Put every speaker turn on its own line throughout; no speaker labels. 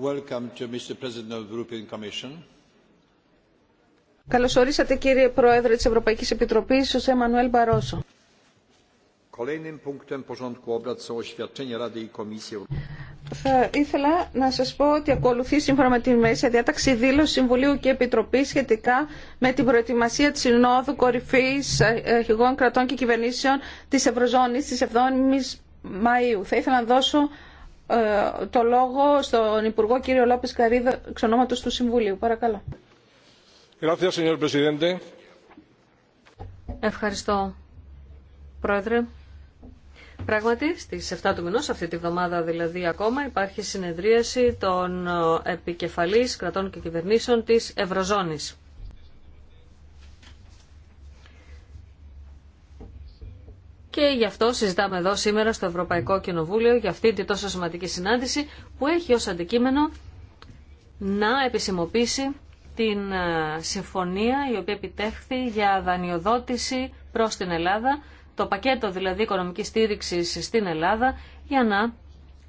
Welcome
Καλώς ορίσατε κύριε Πρόεδρε της Ευρωπαϊκής Επιτροπής, ο Μανουέλ Μπαρόσο. Θα ήθελα να σας πω ότι ακολουθεί σύμφωνα με τη Μέση Διάταξη δήλωση Συμβουλίου και Επιτροπής σχετικά με την προετοιμασία της Συνόδου Κορυφής Αρχηγών Κρατών και Κυβερνήσεων της Ευρωζώνης της 7 Μαΐου. Θα ήθελα να δώσω ε, το λόγο στον Υπουργό κύριο Λόπε Καρίδα, εξ του Συμβουλίου. Παρακαλώ.
Ευχαριστώ, Πρόεδρε. Πράγματι, στις 7 του μηνός, αυτή τη βδομάδα δηλαδή ακόμα, υπάρχει συνεδρίαση των επικεφαλής κρατών και κυβερνήσεων της Ευρωζώνης. και γι' αυτό συζητάμε εδώ σήμερα στο Ευρωπαϊκό Κοινοβούλιο για αυτή τη τόσο σημαντική συνάντηση που έχει ως αντικείμενο να επισημοποιήσει την ε, συμφωνία η οποία επιτεύχθη για δανειοδότηση προς την Ελλάδα, το πακέτο δηλαδή οικονομικής στήριξης στην Ελλάδα για να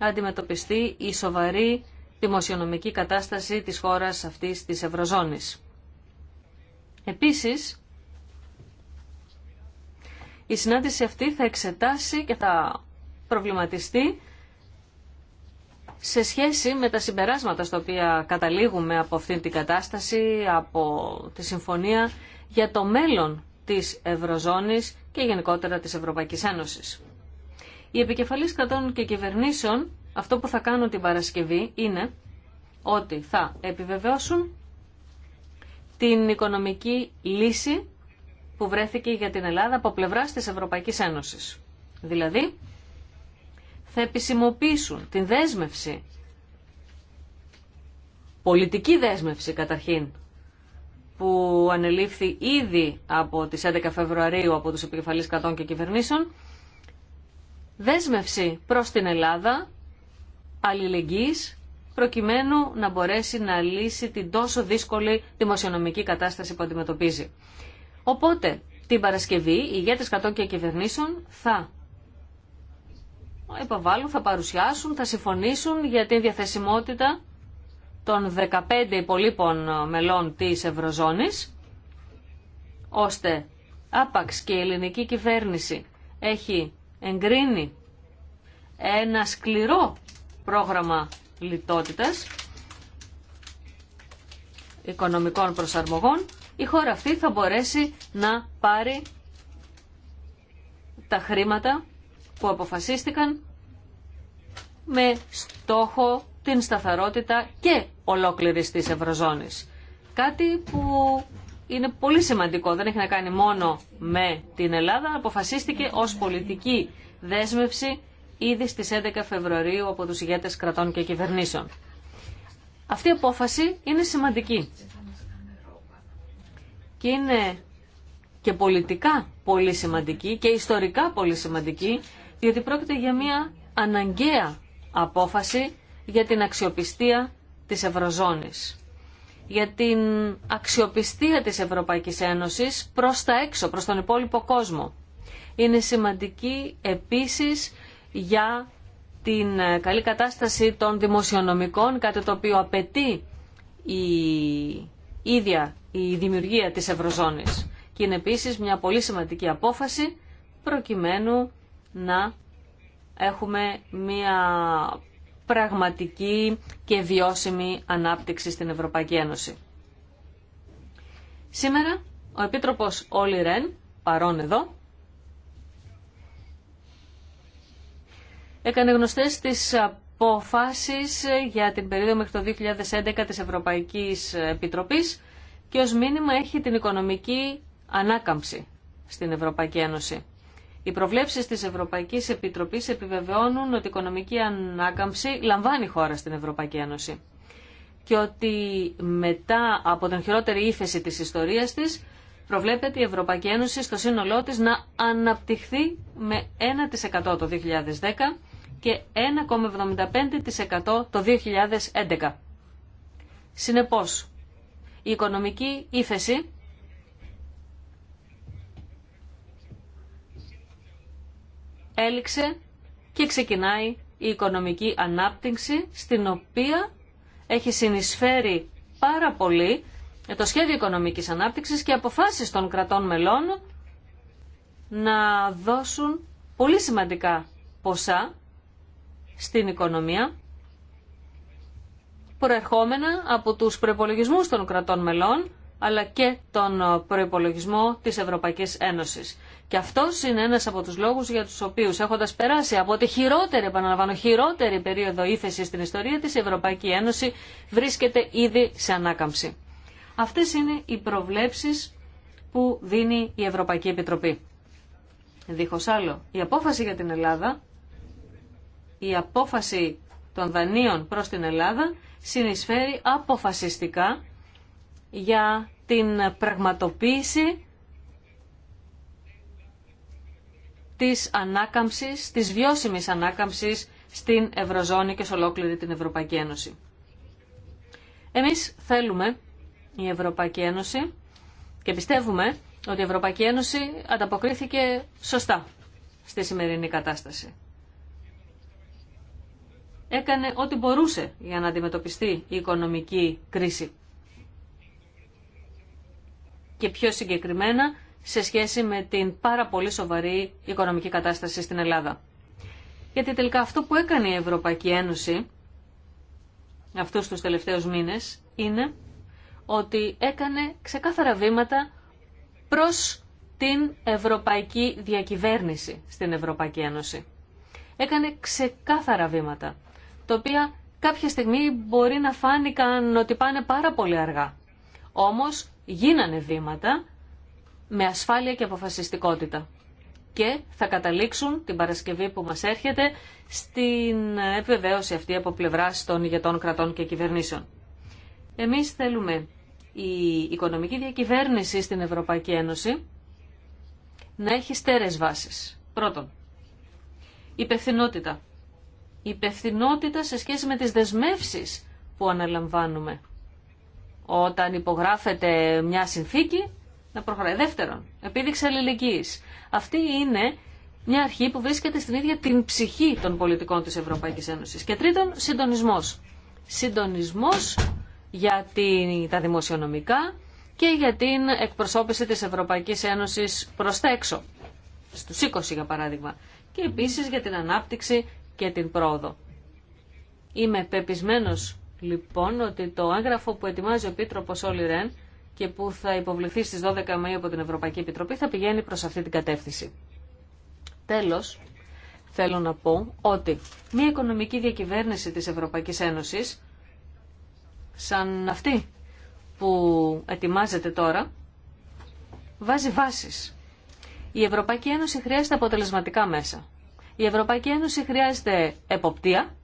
αντιμετωπιστεί η σοβαρή δημοσιονομική κατάσταση της χώρας αυτής της Ευρωζώνης. Επίσης, η συνάντηση αυτή θα εξετάσει και θα προβληματιστεί σε σχέση με τα συμπεράσματα στα οποία καταλήγουμε από αυτήν την κατάσταση, από τη συμφωνία για το μέλλον της Ευρωζώνης και γενικότερα της Ευρωπαϊκής Ένωσης. Οι επικεφαλής κρατών και κυβερνήσεων αυτό που θα κάνουν την Παρασκευή είναι ότι θα επιβεβαιώσουν την οικονομική λύση που βρέθηκε για την Ελλάδα από πλευράς της Ευρωπαϊκής Ένωσης. Δηλαδή, θα επισημοποιήσουν την δέσμευση, πολιτική δέσμευση καταρχήν, που ανελήφθη ήδη από τις 11 Φεβρουαρίου από τους επικεφαλής κρατών και κυβερνήσεων, δέσμευση προς την Ελλάδα, αλληλεγγύης, προκειμένου να μπορέσει να λύσει την τόσο δύσκολη δημοσιονομική κατάσταση που αντιμετωπίζει. Οπότε, την Παρασκευή, οι ηγέτες κατόκια κυβερνήσεων θα υποβάλουν, θα παρουσιάσουν, θα συμφωνήσουν για την διαθεσιμότητα των 15 υπολείπων μελών της Ευρωζώνης, ώστε άπαξ και η ελληνική κυβέρνηση έχει εγκρίνει ένα σκληρό πρόγραμμα λιτότητας, οικονομικών προσαρμογών, η χώρα αυτή θα μπορέσει να πάρει τα χρήματα που αποφασίστηκαν με στόχο την σταθερότητα και ολόκληρης της Ευρωζώνης. Κάτι που είναι πολύ σημαντικό, δεν έχει να κάνει μόνο με την Ελλάδα, αποφασίστηκε ως πολιτική δέσμευση ήδη στις 11 Φεβρουαρίου από τους ηγέτες κρατών και κυβερνήσεων. Αυτή η απόφαση είναι σημαντική και είναι και πολιτικά πολύ σημαντική και ιστορικά πολύ σημαντική, διότι πρόκειται για μια αναγκαία απόφαση για την αξιοπιστία της Ευρωζώνης. Για την αξιοπιστία της Ευρωπαϊκής Ένωσης προς τα έξω, προς τον υπόλοιπο κόσμο. Είναι σημαντική επίσης για την ε, καλή κατάσταση των δημοσιονομικών, κάτι το οποίο απαιτεί η ίδια η δημιουργία της Ευρωζώνης. Και είναι επίσης μια πολύ σημαντική απόφαση προκειμένου να έχουμε μια πραγματική και βιώσιμη ανάπτυξη στην Ευρωπαϊκή Ένωση. Σήμερα ο Επίτροπος Όλη Ρεν, παρόν εδώ, έκανε γνωστές τις αποφάσεις για την περίοδο μέχρι το 2011 της Ευρωπαϊκής Επιτροπής και ως μήνυμα έχει την οικονομική ανάκαμψη στην Ευρωπαϊκή Ένωση. Οι προβλέψεις της Ευρωπαϊκής Επιτροπής επιβεβαιώνουν ότι η οικονομική ανάκαμψη λαμβάνει χώρα στην Ευρωπαϊκή Ένωση και ότι μετά από την χειρότερη ύφεση της ιστορίας της προβλέπεται η Ευρωπαϊκή Ένωση στο σύνολό της να αναπτυχθεί με 1% το 2010 και 1,75% το 2011. Συνεπώς, η οικονομική ύφεση έληξε και ξεκινάει η οικονομική ανάπτυξη στην οποία έχει συνεισφέρει πάρα πολύ το σχέδιο οικονομικής ανάπτυξης και αποφάσεις των κρατών μελών να δώσουν πολύ σημαντικά ποσά στην οικονομία προερχόμενα από τους προϋπολογισμούς των κρατών μελών αλλά και τον προϋπολογισμό της Ευρωπαϊκής Ένωσης. Και αυτό είναι ένας από τους λόγους για τους οποίους έχοντας περάσει από τη χειρότερη, επαναλαμβάνω, χειρότερη περίοδο ύφεση στην ιστορία της, η Ευρωπαϊκή Ένωση βρίσκεται ήδη σε ανάκαμψη. Αυτές είναι οι προβλέψεις που δίνει η Ευρωπαϊκή Επιτροπή. Δίχως άλλο, η απόφαση για την Ελλάδα η απόφαση των δανείων προς την Ελλάδα συνεισφέρει αποφασιστικά για την πραγματοποίηση της ανάκαμψης, της βιώσιμης ανάκαμψης στην Ευρωζώνη και σε ολόκληρη την Ευρωπαϊκή Ένωση. Εμείς θέλουμε η Ευρωπαϊκή Ένωση και πιστεύουμε ότι η Ευρωπαϊκή Ένωση ανταποκρίθηκε σωστά στη σημερινή κατάσταση έκανε ό,τι μπορούσε για να αντιμετωπιστεί η οικονομική κρίση. Και πιο συγκεκριμένα σε σχέση με την πάρα πολύ σοβαρή οικονομική κατάσταση στην Ελλάδα. Γιατί τελικά αυτό που έκανε η Ευρωπαϊκή Ένωση αυτούς τους τελευταίους μήνες είναι ότι έκανε ξεκάθαρα βήματα προς την ευρωπαϊκή διακυβέρνηση στην Ευρωπαϊκή Ένωση. Έκανε ξεκάθαρα βήματα τα οποία κάποια στιγμή μπορεί να φάνηκαν ότι πάνε πάρα πολύ αργά. Όμως γίνανε βήματα με ασφάλεια και αποφασιστικότητα. Και θα καταλήξουν την Παρασκευή που μας έρχεται στην επιβεβαίωση αυτή από πλευρά των ηγετών κρατών και κυβερνήσεων. Εμείς θέλουμε η οικονομική διακυβέρνηση στην Ευρωπαϊκή Ένωση να έχει στέρες βάσεις. Πρώτον, υπευθυνότητα υπευθυνότητα σε σχέση με τις δεσμεύσεις που αναλαμβάνουμε. Όταν υπογράφεται μια συνθήκη, να προχωράει. Δεύτερον, επίδειξη αλληλεγγύης. Αυτή είναι μια αρχή που βρίσκεται στην ίδια την ψυχή των πολιτικών της Ευρωπαϊκής Ένωσης. Και τρίτον, συντονισμός. Συντονισμός για τα δημοσιονομικά και για την εκπροσώπηση της Ευρωπαϊκής Ένωσης προς τα έξω, στους 20 για παράδειγμα, και επίσης για την ανάπτυξη και την πρόοδο. Είμαι πεπισμένος λοιπόν ότι το έγγραφο που ετοιμάζει ο Επίτροπος Όλη Ρεν και που θα υποβληθεί στις 12 Μαΐου από την Ευρωπαϊκή Επιτροπή θα πηγαίνει προς αυτή την κατεύθυνση. Τέλος, θέλω να πω ότι μια οικονομική διακυβέρνηση της Ευρωπαϊκής Ένωσης σαν αυτή που ετοιμάζεται τώρα βάζει βάσεις. Η Ευρωπαϊκή Ένωση χρειάζεται αποτελεσματικά μέσα. Η Ευρωπαϊκή Ένωση χρειάζεται εποπτεία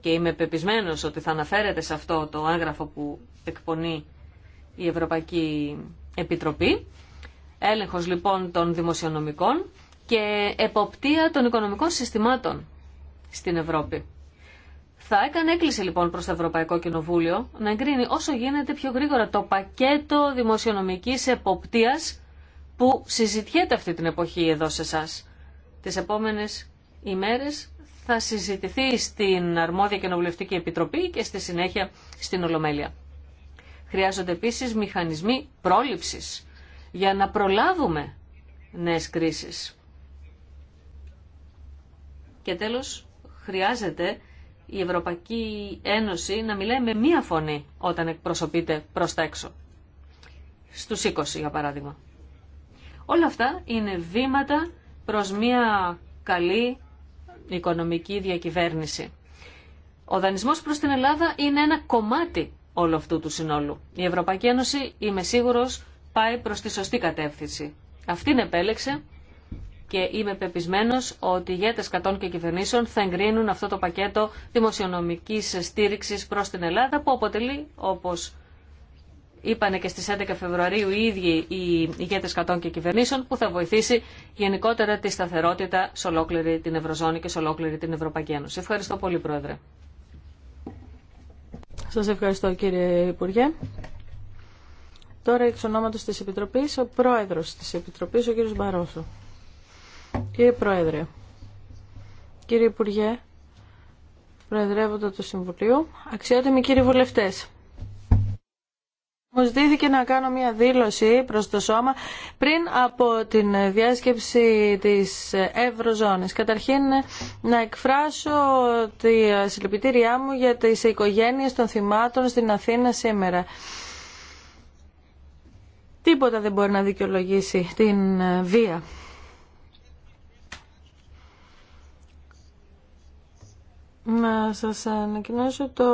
και είμαι πεπισμένος ότι θα αναφέρεται σε αυτό το άγγραφο που εκπονεί η Ευρωπαϊκή Επιτροπή. Έλεγχος λοιπόν των δημοσιονομικών και εποπτεία των οικονομικών συστημάτων στην Ευρώπη. Θα έκανε έκκληση λοιπόν προς το Ευρωπαϊκό Κοινοβούλιο να εγκρίνει όσο γίνεται πιο γρήγορα το πακέτο δημοσιονομικής εποπτείας που συζητιέται αυτή την εποχή εδώ σε εσά τις επόμενες ημέρες θα συζητηθεί στην Αρμόδια Κοινοβουλευτική Επιτροπή και στη συνέχεια στην Ολομέλεια. Χρειάζονται επίσης μηχανισμοί πρόληψης για να προλάβουμε νέες κρίσεις. Και τέλος, χρειάζεται η Ευρωπαϊκή Ένωση να μιλάει με μία φωνή όταν εκπροσωπείται προς τα έξω. Στους 20, για παράδειγμα. Όλα αυτά είναι βήματα προς μια καλή οικονομική διακυβέρνηση. Ο δανεισμός προς την Ελλάδα είναι ένα κομμάτι όλου αυτού του συνόλου. Η Ευρωπαϊκή Ένωση, είμαι σίγουρος, πάει προς τη σωστή κατεύθυνση. Αυτήν επέλεξε και είμαι πεπισμένος ότι οι ηγέτες κατών και κυβερνήσεων θα εγκρίνουν αυτό το πακέτο δημοσιονομικής στήριξης προς την Ελλάδα που αποτελεί, όπως είπανε και στις 11 Φεβρουαρίου οι ίδιοι οι ηγέτες κατών και κυβερνήσεων που θα βοηθήσει γενικότερα τη σταθερότητα σε ολόκληρη την Ευρωζώνη και σε ολόκληρη την Ευρωπαϊκή Ένωση. Ευχαριστώ πολύ Πρόεδρε.
Σας ευχαριστώ κύριε Υπουργέ. Τώρα εξ ονόματος της Επιτροπής, ο Πρόεδρος της Επιτροπής, ο κύριος Μπαρόσο. Κύριε Πρόεδρε, κύριε Υπουργέ, Προεδρεύοντα του Συμβουλίου, αξιότιμοι κύριοι βουλευτές. Μου ζητήθηκε να κάνω μια δήλωση προς το σώμα πριν από την διάσκεψη της Ευρωζώνης. Καταρχήν να εκφράσω τη συλληπιτήριά μου για τις οικογένειες των θυμάτων στην Αθήνα σήμερα. Τίποτα δεν μπορεί να δικαιολογήσει την βία. Να σας ανακοινώσω το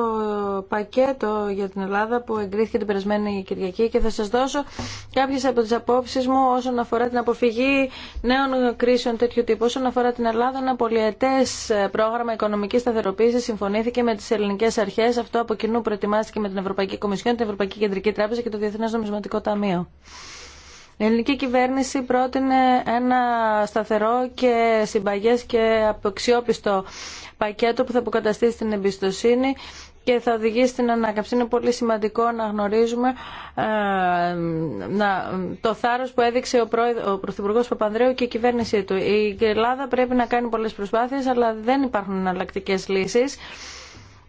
πακέτο για την Ελλάδα που εγκρίθηκε την περασμένη Κυριακή και θα σας δώσω κάποιες από τις απόψεις μου όσον αφορά την αποφυγή νέων κρίσεων τέτοιου τύπου. Όσον αφορά την Ελλάδα, ένα πολυετές πρόγραμμα οικονομικής σταθεροποίησης συμφωνήθηκε με τις ελληνικές αρχές. Αυτό από κοινού προετοιμάστηκε με την Ευρωπαϊκή Κομισιόν, την Ευρωπαϊκή Κεντρική Τράπεζα και το Διεθνές Νομισματικό Ταμείο. Η ελληνική κυβέρνηση πρότεινε ένα σταθερό και συμπαγές και αποξιόπιστο πακέτο που θα αποκαταστήσει την εμπιστοσύνη και θα οδηγήσει στην ανάκαμψη. Είναι πολύ σημαντικό να γνωρίζουμε ε, το θάρρος που έδειξε ο, Πρωθυπουργό ο Πρωθυπουργός Παπανδρέου και η κυβέρνησή του. Η Ελλάδα πρέπει να κάνει πολλές προσπάθειες, αλλά δεν υπάρχουν εναλλακτικέ λύσεις.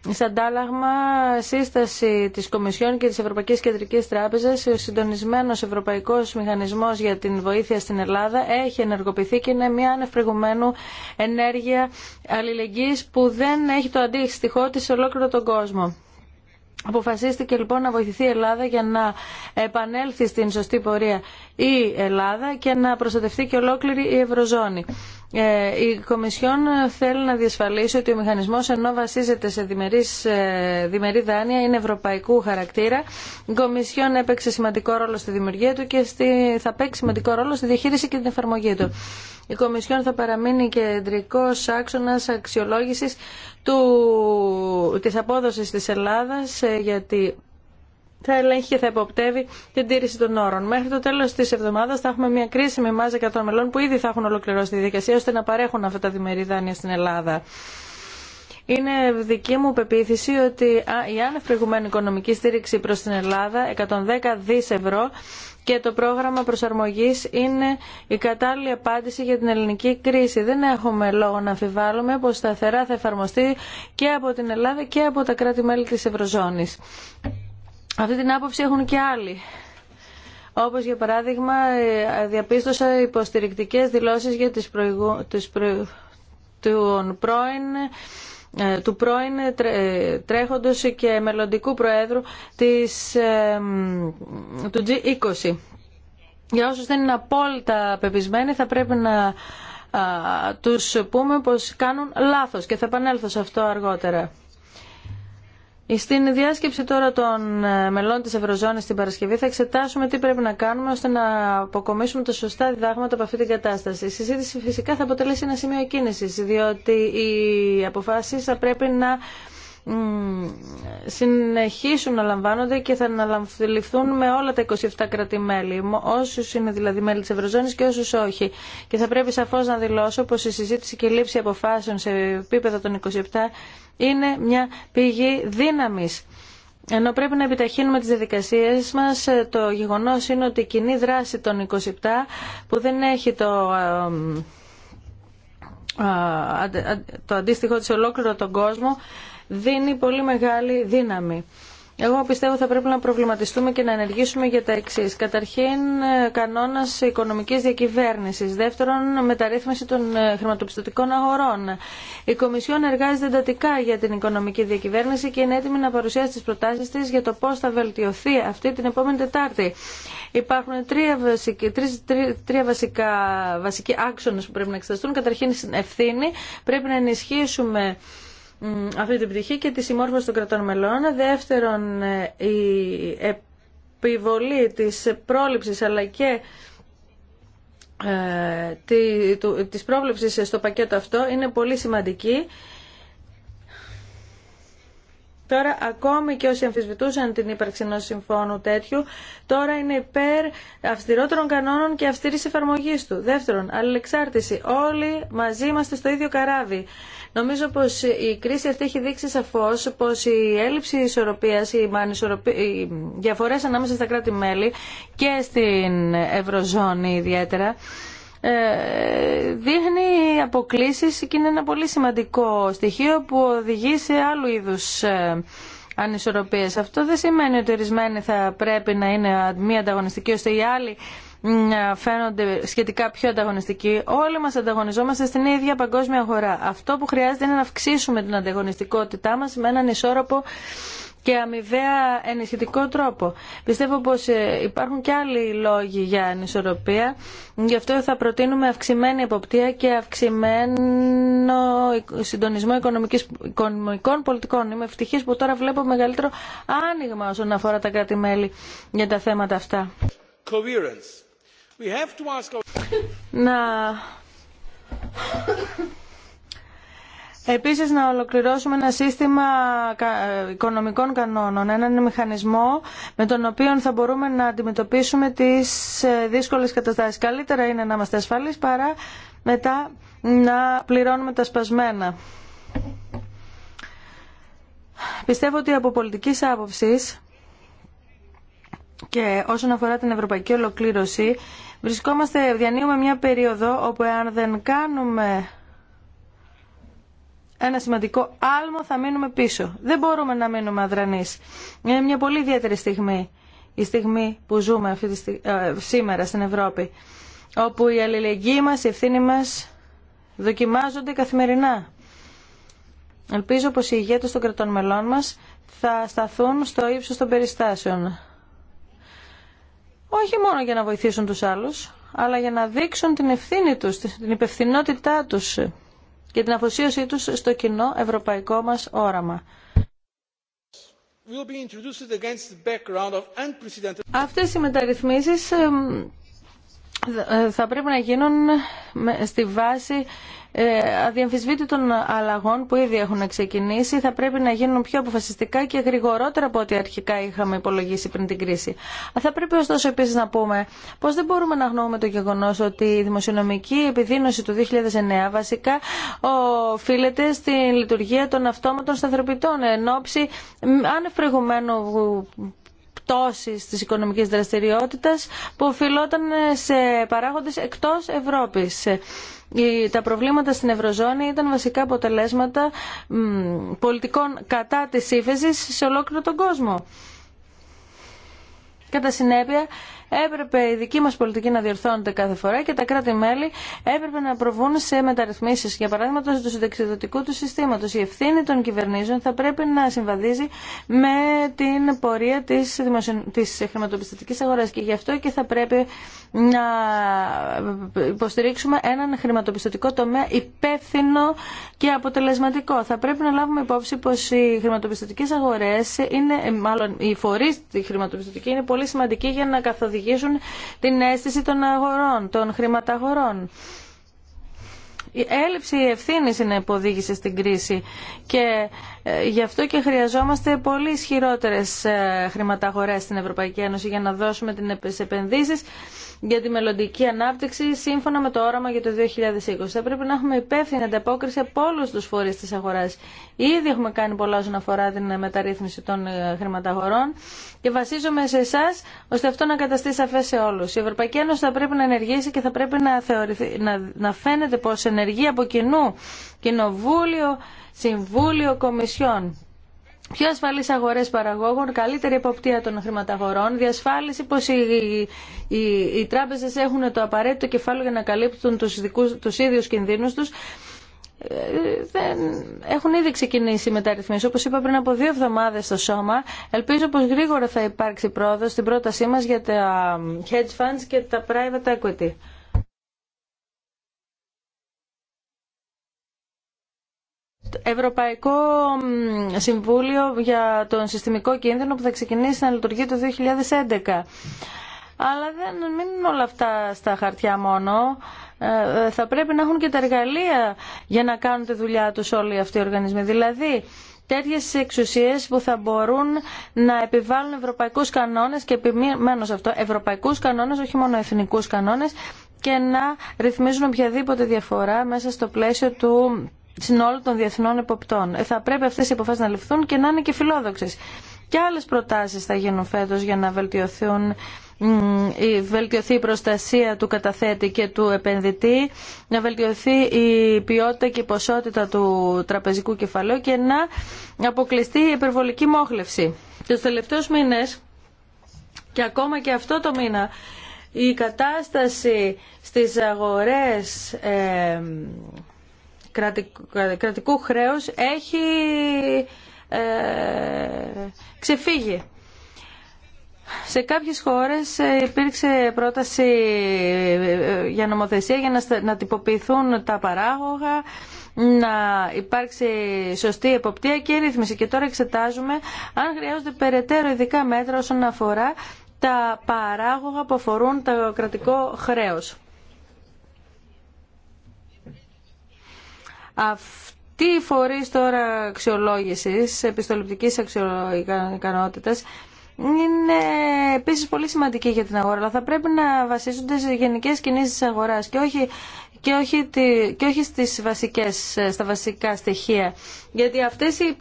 Σε αντάλλαγμα, σύσταση της Κομισιόν και της Ευρωπαϊκής Κεντρικής Τράπεζας, ο συντονισμένος ευρωπαϊκός μηχανισμός για την βοήθεια στην Ελλάδα έχει ενεργοποιηθεί και είναι μια ανευπρεγουμένου ενέργεια αλληλεγγύης που δεν έχει το αντίστοιχό της σε ολόκληρο τον κόσμο. Αποφασίστηκε λοιπόν να βοηθηθεί η Ελλάδα για να επανέλθει στην σωστή πορεία η Ελλάδα και να προστατευτεί και ολόκληρη η Ευρωζώνη. Ε, η Κομισιόν θέλει να διασφαλίσει ότι ο μηχανισμός ενώ βασίζεται σε διμερείς, ε, διμερή δάνεια είναι ευρωπαϊκού χαρακτήρα. Η Κομισιόν έπαιξε σημαντικό ρόλο στη δημιουργία του και στη, θα παίξει σημαντικό ρόλο στη διαχείριση και την εφαρμογή του. Η Κομισιόν θα παραμείνει κεντρικός άξονας αξιολόγησης του, της απόδοσης της Ελλάδας ε, γιατί θα ελέγχει και θα υποπτεύει την τήρηση των όρων. Μέχρι το τέλο τη εβδομάδα θα έχουμε μια κρίσιμη μάζα 100 μελών που ήδη θα έχουν ολοκληρώσει τη διαδικασία ώστε να παρέχουν αυτά τα διμερή δάνεια στην Ελλάδα. Είναι δική μου πεποίθηση ότι η άνευ οικονομική στήριξη προς την Ελλάδα, 110 δις ευρώ, και το πρόγραμμα προσαρμογής είναι η κατάλληλη απάντηση για την ελληνική κρίση. Δεν έχουμε λόγο να αμφιβάλλουμε πως σταθερά θα εφαρμοστεί και από την Ελλάδα και από τα κράτη-μέλη τη Ευρωζώνης. Αυτή την άποψη έχουν και άλλοι. Όπως για παράδειγμα διαπίστωσα υποστηρικτικές δηλώσεις για τις τις ε, του πρώην ε, τρέχοντος και μελλοντικού προέδρου της, του G20. Για όσους δεν είναι απόλυτα πεπισμένοι θα πρέπει να τους πούμε πως κάνουν λάθος και θα επανέλθω σε αυτό αργότερα. Στην διάσκεψη τώρα των ε, μελών της Ευρωζώνης την Παρασκευή θα εξετάσουμε τι πρέπει να κάνουμε ώστε να αποκομίσουμε τα σωστά διδάγματα από αυτή την κατάσταση. Η συζήτηση φυσικά θα αποτελέσει ένα σημείο κίνησης, διότι οι αποφάσεις θα πρέπει να συνεχίσουν να λαμβάνονται και θα αναλαμβληθούν με όλα τα 27 κράτη-μέλη, όσους είναι δηλαδή μέλη της Ευρωζώνης και όσους όχι. Και θα πρέπει σαφώς να δηλώσω πως η συζήτηση και η λήψη αποφάσεων σε επίπεδο των 27 είναι μια πηγή δύναμης. Ενώ πρέπει να επιταχύνουμε τις διαδικασίες μας, ε, το γεγονός είναι ότι η κοινή δράση των 27 που δεν έχει το, το αντίστοιχο της ολόκληρο τον κόσμο δίνει πολύ μεγάλη δύναμη. Εγώ πιστεύω θα πρέπει να προβληματιστούμε και να ενεργήσουμε για τα εξή. Καταρχήν, κανόνα οικονομική διακυβέρνηση. Δεύτερον, μεταρρύθμιση των ε, χρηματοπιστωτικών αγορών. Η Κομισιόν εργάζεται εντατικά για την οικονομική διακυβέρνηση και είναι έτοιμη να παρουσιάσει τι προτάσει τη για το πώ θα βελτιωθεί αυτή την επόμενη Τετάρτη. Υπάρχουν τρία, βασικά, βασικοί άξονε που πρέπει να εξεταστούν. Καταρχήν, ευθύνη. Πρέπει να ενισχύσουμε αυτή την πτυχή και τη συμμόρφωση των κρατών μελών. Δεύτερον, ε, η επιβολή της πρόληψης αλλά και ε, της πρόληψης στο πακέτο αυτό είναι πολύ σημαντική. Τώρα, ακόμη και όσοι αμφισβητούσαν την ύπαρξη ενό συμφώνου τέτοιου, τώρα είναι υπέρ αυστηρότερων κανόνων και αυστηρή εφαρμογή του. Δεύτερον, αλληλεξάρτηση. Όλοι μαζί είμαστε στο ίδιο καράβι. Νομίζω πως η κρίση αυτή έχει δείξει σαφώ πως η έλλειψη ισορροπίας, οι διαφορές ανάμεσα στα κράτη-μέλη και στην Ευρωζώνη ιδιαίτερα, ε, δείχνει αποκλήσεις και είναι ένα πολύ σημαντικό στοιχείο που οδηγεί σε άλλου είδους ε, ανισορροπίες. Αυτό δεν σημαίνει ότι ορισμένοι θα πρέπει να είναι μία ανταγωνιστική ώστε οι άλλοι φαίνονται σχετικά πιο ανταγωνιστικοί. Όλοι μας ανταγωνιζόμαστε στην ίδια παγκόσμια αγορά. Αυτό που χρειάζεται είναι να αυξήσουμε την ανταγωνιστικότητά μας με έναν ισόρροπο και αμοιβαία ενισχυτικό τρόπο. Πιστεύω πως ε, υπάρχουν και άλλοι λόγοι για ανισορροπία. Γι' αυτό θα προτείνουμε αυξημένη εποπτεία και αυξημένο συντονισμό οικονομικής, οικονομικών πολιτικών. Είμαι ευτυχής που τώρα βλέπω μεγαλύτερο άνοιγμα όσον αφορά τα κράτη-μέλη για τα θέματα αυτά. We Να... Επίσης να ολοκληρώσουμε ένα σύστημα οικονομικών κανόνων, έναν μηχανισμό με τον οποίο θα μπορούμε να αντιμετωπίσουμε τις ε, δύσκολες καταστάσεις. Καλύτερα είναι να είμαστε ασφαλείς παρά μετά να πληρώνουμε τα σπασμένα. Πιστεύω ότι από πολιτικής άποψης και όσον αφορά την ευρωπαϊκή ολοκλήρωση, βρισκόμαστε, διανύουμε μια περίοδο όπου αν δεν κάνουμε ένα σημαντικό άλμο θα μείνουμε πίσω. Δεν μπορούμε να μείνουμε αδρανείς. Είναι μια πολύ ιδιαίτερη στιγμή, η στιγμή που ζούμε αυτή τη ε, σήμερα στην Ευρώπη, όπου η αλληλεγγύη μας, η ευθύνη μας δοκιμάζονται καθημερινά. Ελπίζω πως οι ηγέτες των κρατών μελών μας θα σταθούν στο ύψος των περιστάσεων όχι μόνο για να βοηθήσουν τους άλλους, αλλά για να δείξουν την ευθύνη τους, την υπευθυνότητά τους και την αφοσίωσή τους στο κοινό ευρωπαϊκό μας όραμα. Αυτές οι μεταρρυθμίσεις ε, θα πρέπει να γίνουν στη βάση ε, αδιαμφισβήτητων αλλαγών που ήδη έχουν ξεκινήσει. Θα πρέπει να γίνουν πιο αποφασιστικά και γρηγορότερα από ό,τι αρχικά είχαμε υπολογίσει πριν την κρίση. Θα πρέπει ωστόσο επίση να πούμε πω δεν μπορούμε να γνωρούμε το γεγονό ότι η δημοσιονομική επιδείνωση του 2009 βασικά οφείλεται στην λειτουργία των αυτόματων σταθεροποιητών εν ώψη άνευ πτώσης της οικονομικής δραστηριότητας που οφειλόταν σε παράγοντες εκτός Ευρώπης. Τα προβλήματα στην Ευρωζώνη ήταν βασικά αποτελέσματα πολιτικών κατά της ύφεσης σε ολόκληρο τον κόσμο. Κατά συνέπεια, έπρεπε η δική μα πολιτική να διορθώνεται κάθε φορά και τα κράτη-μέλη έπρεπε να προβούν σε μεταρρυθμίσει, Για παράδειγμα, του συνταξιδοτικού του συστήματο, Η ευθύνη των κυβερνήσεων θα πρέπει να συμβαδίζει με την πορεία τη δημοσιο... της χρηματοπιστωτικής και γι' αυτό και θα πρέπει να υποστηρίξουμε έναν χρηματοπιστωτικό τομέα υπεύθυνο και αποτελεσματικό. Θα πρέπει να λάβουμε υπόψη πω οι χρηματοπιστωτικές αγορέ είναι, μάλλον οι τη χρηματοπιστωτική είναι πολύ σημαντικοί για να καθοδηγήσουμε οδηγήσουν την αίσθηση των αγορών, των χρηματαγορών. Η έλλειψη ευθύνη είναι που οδήγησε στην κρίση και ε, γι' αυτό και χρειαζόμαστε πολύ ισχυρότερε ε, χρηματαγορές στην Ευρωπαϊκή Ένωση για να δώσουμε τι επενδύσει για τη μελλοντική ανάπτυξη σύμφωνα με το όραμα για το 2020. Θα πρέπει να έχουμε υπεύθυνη ανταπόκριση από όλου του φορεί τη αγορά. Ήδη έχουμε κάνει πολλά όσον αφορά την μεταρρύθμιση των ε, χρηματαγορών και βασίζομαι σε εσά ώστε αυτό να καταστεί σαφέ σε όλου. Η Ευρωπαϊκή Ένωση θα πρέπει να ενεργήσει και θα πρέπει να, θεωρηθεί, να, να φαίνεται πω ενεργεί από κοινού Κοινοβούλιο, Συμβούλιο, Κομισιόν. Πιο ασφαλείς αγορές παραγόγων, καλύτερη εποπτεία των χρηματαγορών, διασφάλιση πως οι, οι, οι τράπεζες έχουν το απαραίτητο κεφάλαιο για να καλύπτουν τους, ίδιου τους ίδιους κινδύνους τους ε, δεν έχουν ήδη ξεκινήσει οι μεταρρυθμίσει. Όπω είπα πριν από δύο εβδομάδε στο Σώμα, ελπίζω πω γρήγορα θα υπάρξει πρόοδο στην πρότασή μα για τα ε, hedge funds και τα private equity. Ευρωπαϊκό Συμβούλιο για τον Συστημικό Κίνδυνο που θα ξεκινήσει να λειτουργεί το 2011. Αλλά δεν μείνουν όλα αυτά στα χαρτιά μόνο. Ε, ε, θα πρέπει να έχουν και τα εργαλεία για να κάνουν τη δουλειά τους όλοι αυτοί οι οργανισμοί. Δηλαδή, τέτοιες εξουσίες που θα μπορούν να επιβάλλουν ευρωπαϊκούς κανόνες και επιμένω σε αυτό, ευρωπαϊκούς κανόνες, όχι μόνο εθνικούς κανόνες, και να ρυθμίζουν οποιαδήποτε διαφορά μέσα στο πλαίσιο του συνόλου των διεθνών εποπτών. Ε, θα πρέπει αυτές οι αποφάσεις να ληφθούν και να είναι και φιλόδοξες. Και άλλες προτάσεις θα γίνουν φέτος για να βελτιωθούν η βελτιωθεί η προστασία του καταθέτη και του επενδυτή, να βελτιωθεί η ποιότητα και η ποσότητα του τραπεζικού κεφαλαίου και να αποκλειστεί η υπερβολική μόχλευση. Τους τελευταίους μήνες και ακόμα και αυτό το μήνα η κατάσταση στις αγορές ε, κρατικού χρέους έχει ε, ξεφύγει. Σε κάποιες χώρες ε, υπήρξε πρόταση ε, για νομοθεσία για να, να τυποποιηθούν τα παράγωγα, να υπάρξει σωστή εποπτεία και ρύθμιση. Και τώρα εξετάζουμε αν χρειάζονται περαιτέρω ειδικά μέτρα όσον αφορά τα παράγωγα που αφορούν το κρατικό χρέος. Αυτοί οι φορεί τώρα αξιολόγησης, επιστοληπτικής ικανότητα είναι επίση πολύ σημαντική για την αγορά, αλλά θα πρέπει να βασίζονται σε γενικές κινήσεις αγοράς και όχι, και όχι, τη, και όχι στις βασικές, στα βασικά στοιχεία. Γιατί αυτέ οι,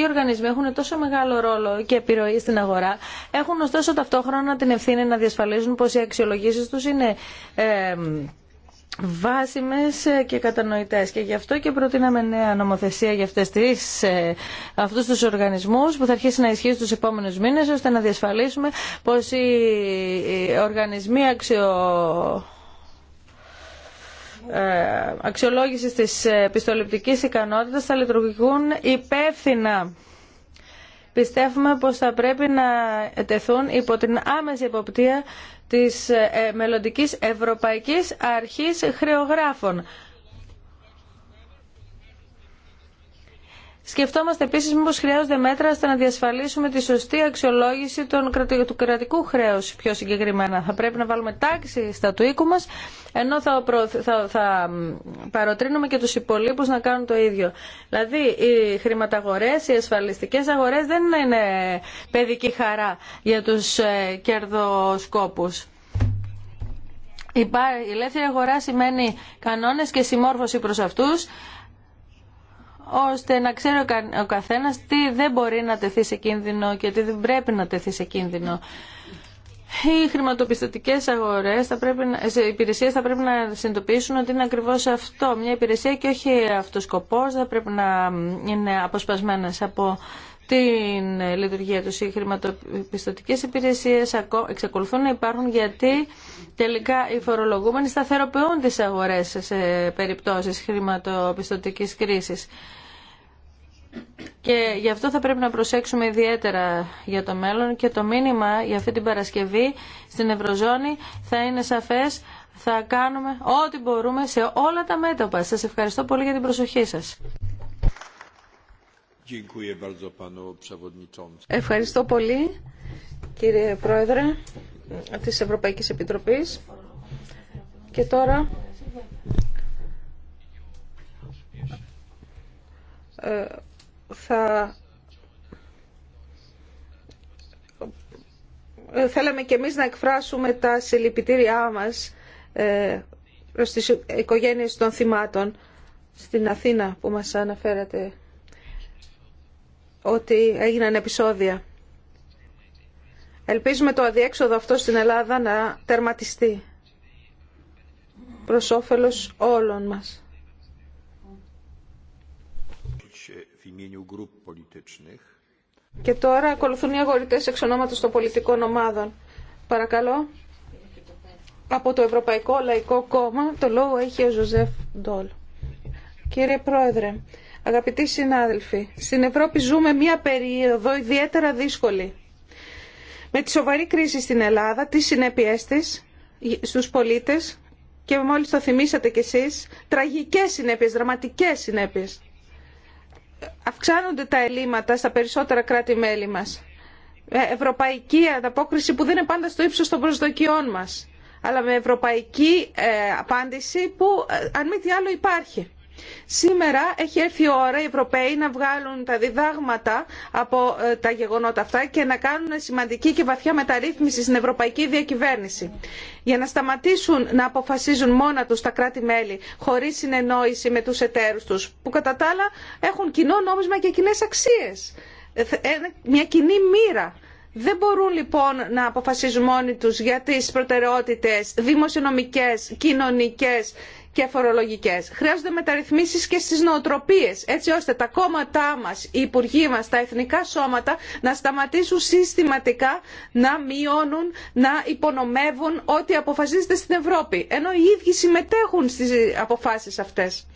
οι οργανισμοί έχουν τόσο μεγάλο ρόλο και επιρροή στην αγορά, έχουν ωστόσο ταυτόχρονα την ευθύνη να διασφαλίζουν πω οι αξιολογήσεις του είναι... Ε, βάσιμες ε, και κατανοητές και γι' αυτό και προτείναμε νέα νομοθεσία για αυτές τις, ε, αυτούς τους οργανισμούς που θα αρχίσει να ισχύει στους επόμενους μήνες ώστε να διασφαλίσουμε πως οι οργανισμοί αξιο ε, αξιολόγησης της πιστοληπτικής ικανότητας θα λειτουργούν υπεύθυνα πιστεύουμε πως θα πρέπει να τεθούν υπό την άμεση υποπτία της ε, μελλοντικής Ευρωπαϊκής Αρχής Χρεογράφων. Σκεφτόμαστε επίσης μήπως χρειάζονται μέτρα ώστε να διασφαλίσουμε τη σωστή αξιολόγηση του κρατικού χρέου πιο συγκεκριμένα. Θα πρέπει να βάλουμε τάξη στα του οίκου μα, ενώ θα, θα, θα παροτρύνουμε και τους υπολείπους να κάνουν το ίδιο. Δηλαδή οι χρηματαγορές, οι ασφαλιστικέ αγορές δεν είναι παιδική χαρά για τους ε, κερδοσκόπου. Η ελεύθερη αγορά σημαίνει κανόνες και συμμόρφωση προς αυτούς ώστε να ξέρει ο καθένας τι δεν μπορεί να τεθεί σε κίνδυνο και τι δεν πρέπει να τεθεί σε κίνδυνο. Οι χρηματοπιστωτικές αγορές, θα πρέπει να, υπηρεσίες θα πρέπει να συνειδητοποιήσουν ότι είναι ακριβώς αυτό, μια υπηρεσία και όχι αυτός σκοπός, θα πρέπει να είναι αποσπασμένες από την λειτουργία τους. Οι χρηματοπιστωτικές υπηρεσίες εξακολουθούν να υπάρχουν γιατί τελικά οι φορολογούμενοι σταθεροποιούν τις αγορές σε περιπτώσεις χρηματοπιστωτικής κρίση και γι' αυτό θα πρέπει να προσέξουμε ιδιαίτερα για το μέλλον και το μήνυμα για αυτή την Παρασκευή στην Ευρωζώνη θα είναι σαφές. Θα κάνουμε ό,τι μπορούμε σε όλα τα μέτωπα. Σας ευχαριστώ πολύ για την προσοχή σας. Ευχαριστώ πολύ κύριε Πρόεδρε
της Ευρωπαϊκής Επιτροπής. Και τώρα ε, θα θέλαμε και εμείς να εκφράσουμε τα συλληπιτήριά μας ε, προς τις οικογένειες των θυμάτων στην Αθήνα που μας αναφέρατε ότι έγιναν επεισόδια. Ελπίζουμε το αδιέξοδο αυτό στην Ελλάδα να τερματιστεί προς όφελος όλων μας. Και τώρα ακολουθούν οι αγορητές εξ ονόματος των πολιτικών ομάδων. Παρακαλώ. Από το Ευρωπαϊκό Λαϊκό Κόμμα το λόγο έχει ο Ζωζεφ Ντόλ. Κύριε Πρόεδρε, αγαπητοί συνάδελφοι, στην Ευρώπη ζούμε μία περίοδο ιδιαίτερα δύσκολη. Με τη σοβαρή κρίση στην Ελλάδα, τις συνέπειές της στους πολίτες και μόλις το θυμήσατε κι εσείς, τραγικές συνέπειες, δραματικές συνέπειες αυξάνονται τα ελλείμματα στα περισσότερα κράτη-μέλη μας. Ευρωπαϊκή ανταπόκριση που δεν είναι πάντα στο ύψος των προσδοκιών μας. Αλλά με ευρωπαϊκή ε, απάντηση που ε, αν μη τι άλλο υπάρχει. Σήμερα έχει έρθει η ώρα οι Ευρωπαίοι να βγάλουν τα διδάγματα από ε, τα γεγονότα αυτά και να κάνουν σημαντική και βαθιά μεταρρύθμιση στην ευρωπαϊκή διακυβέρνηση. Για να σταματήσουν να αποφασίζουν μόνα τους τα κράτη-μέλη χωρίς συνεννόηση με τους εταίρους τους που κατά τα άλλα έχουν κοινό νόμισμα και κοινέ αξίες. Ε, ε, μια κοινή μοίρα. Δεν μπορούν λοιπόν να αποφασίζουν μόνοι τους για τις προτεραιότητες δημοσιονομικές, κοινωνικές και φορολογικέ. Χρειάζονται μεταρρυθμίσεις και στι νοοτροπίες, έτσι ώστε τα κόμματά μας, οι υπουργοί μας, τα εθνικά σώματα να σταματήσουν συστηματικά να μειώνουν, να υπονομεύουν ό,τι αποφασίζεται στην Ευρώπη. Ενώ οι ίδιοι συμμετέχουν στις αποφάσεις αυτές.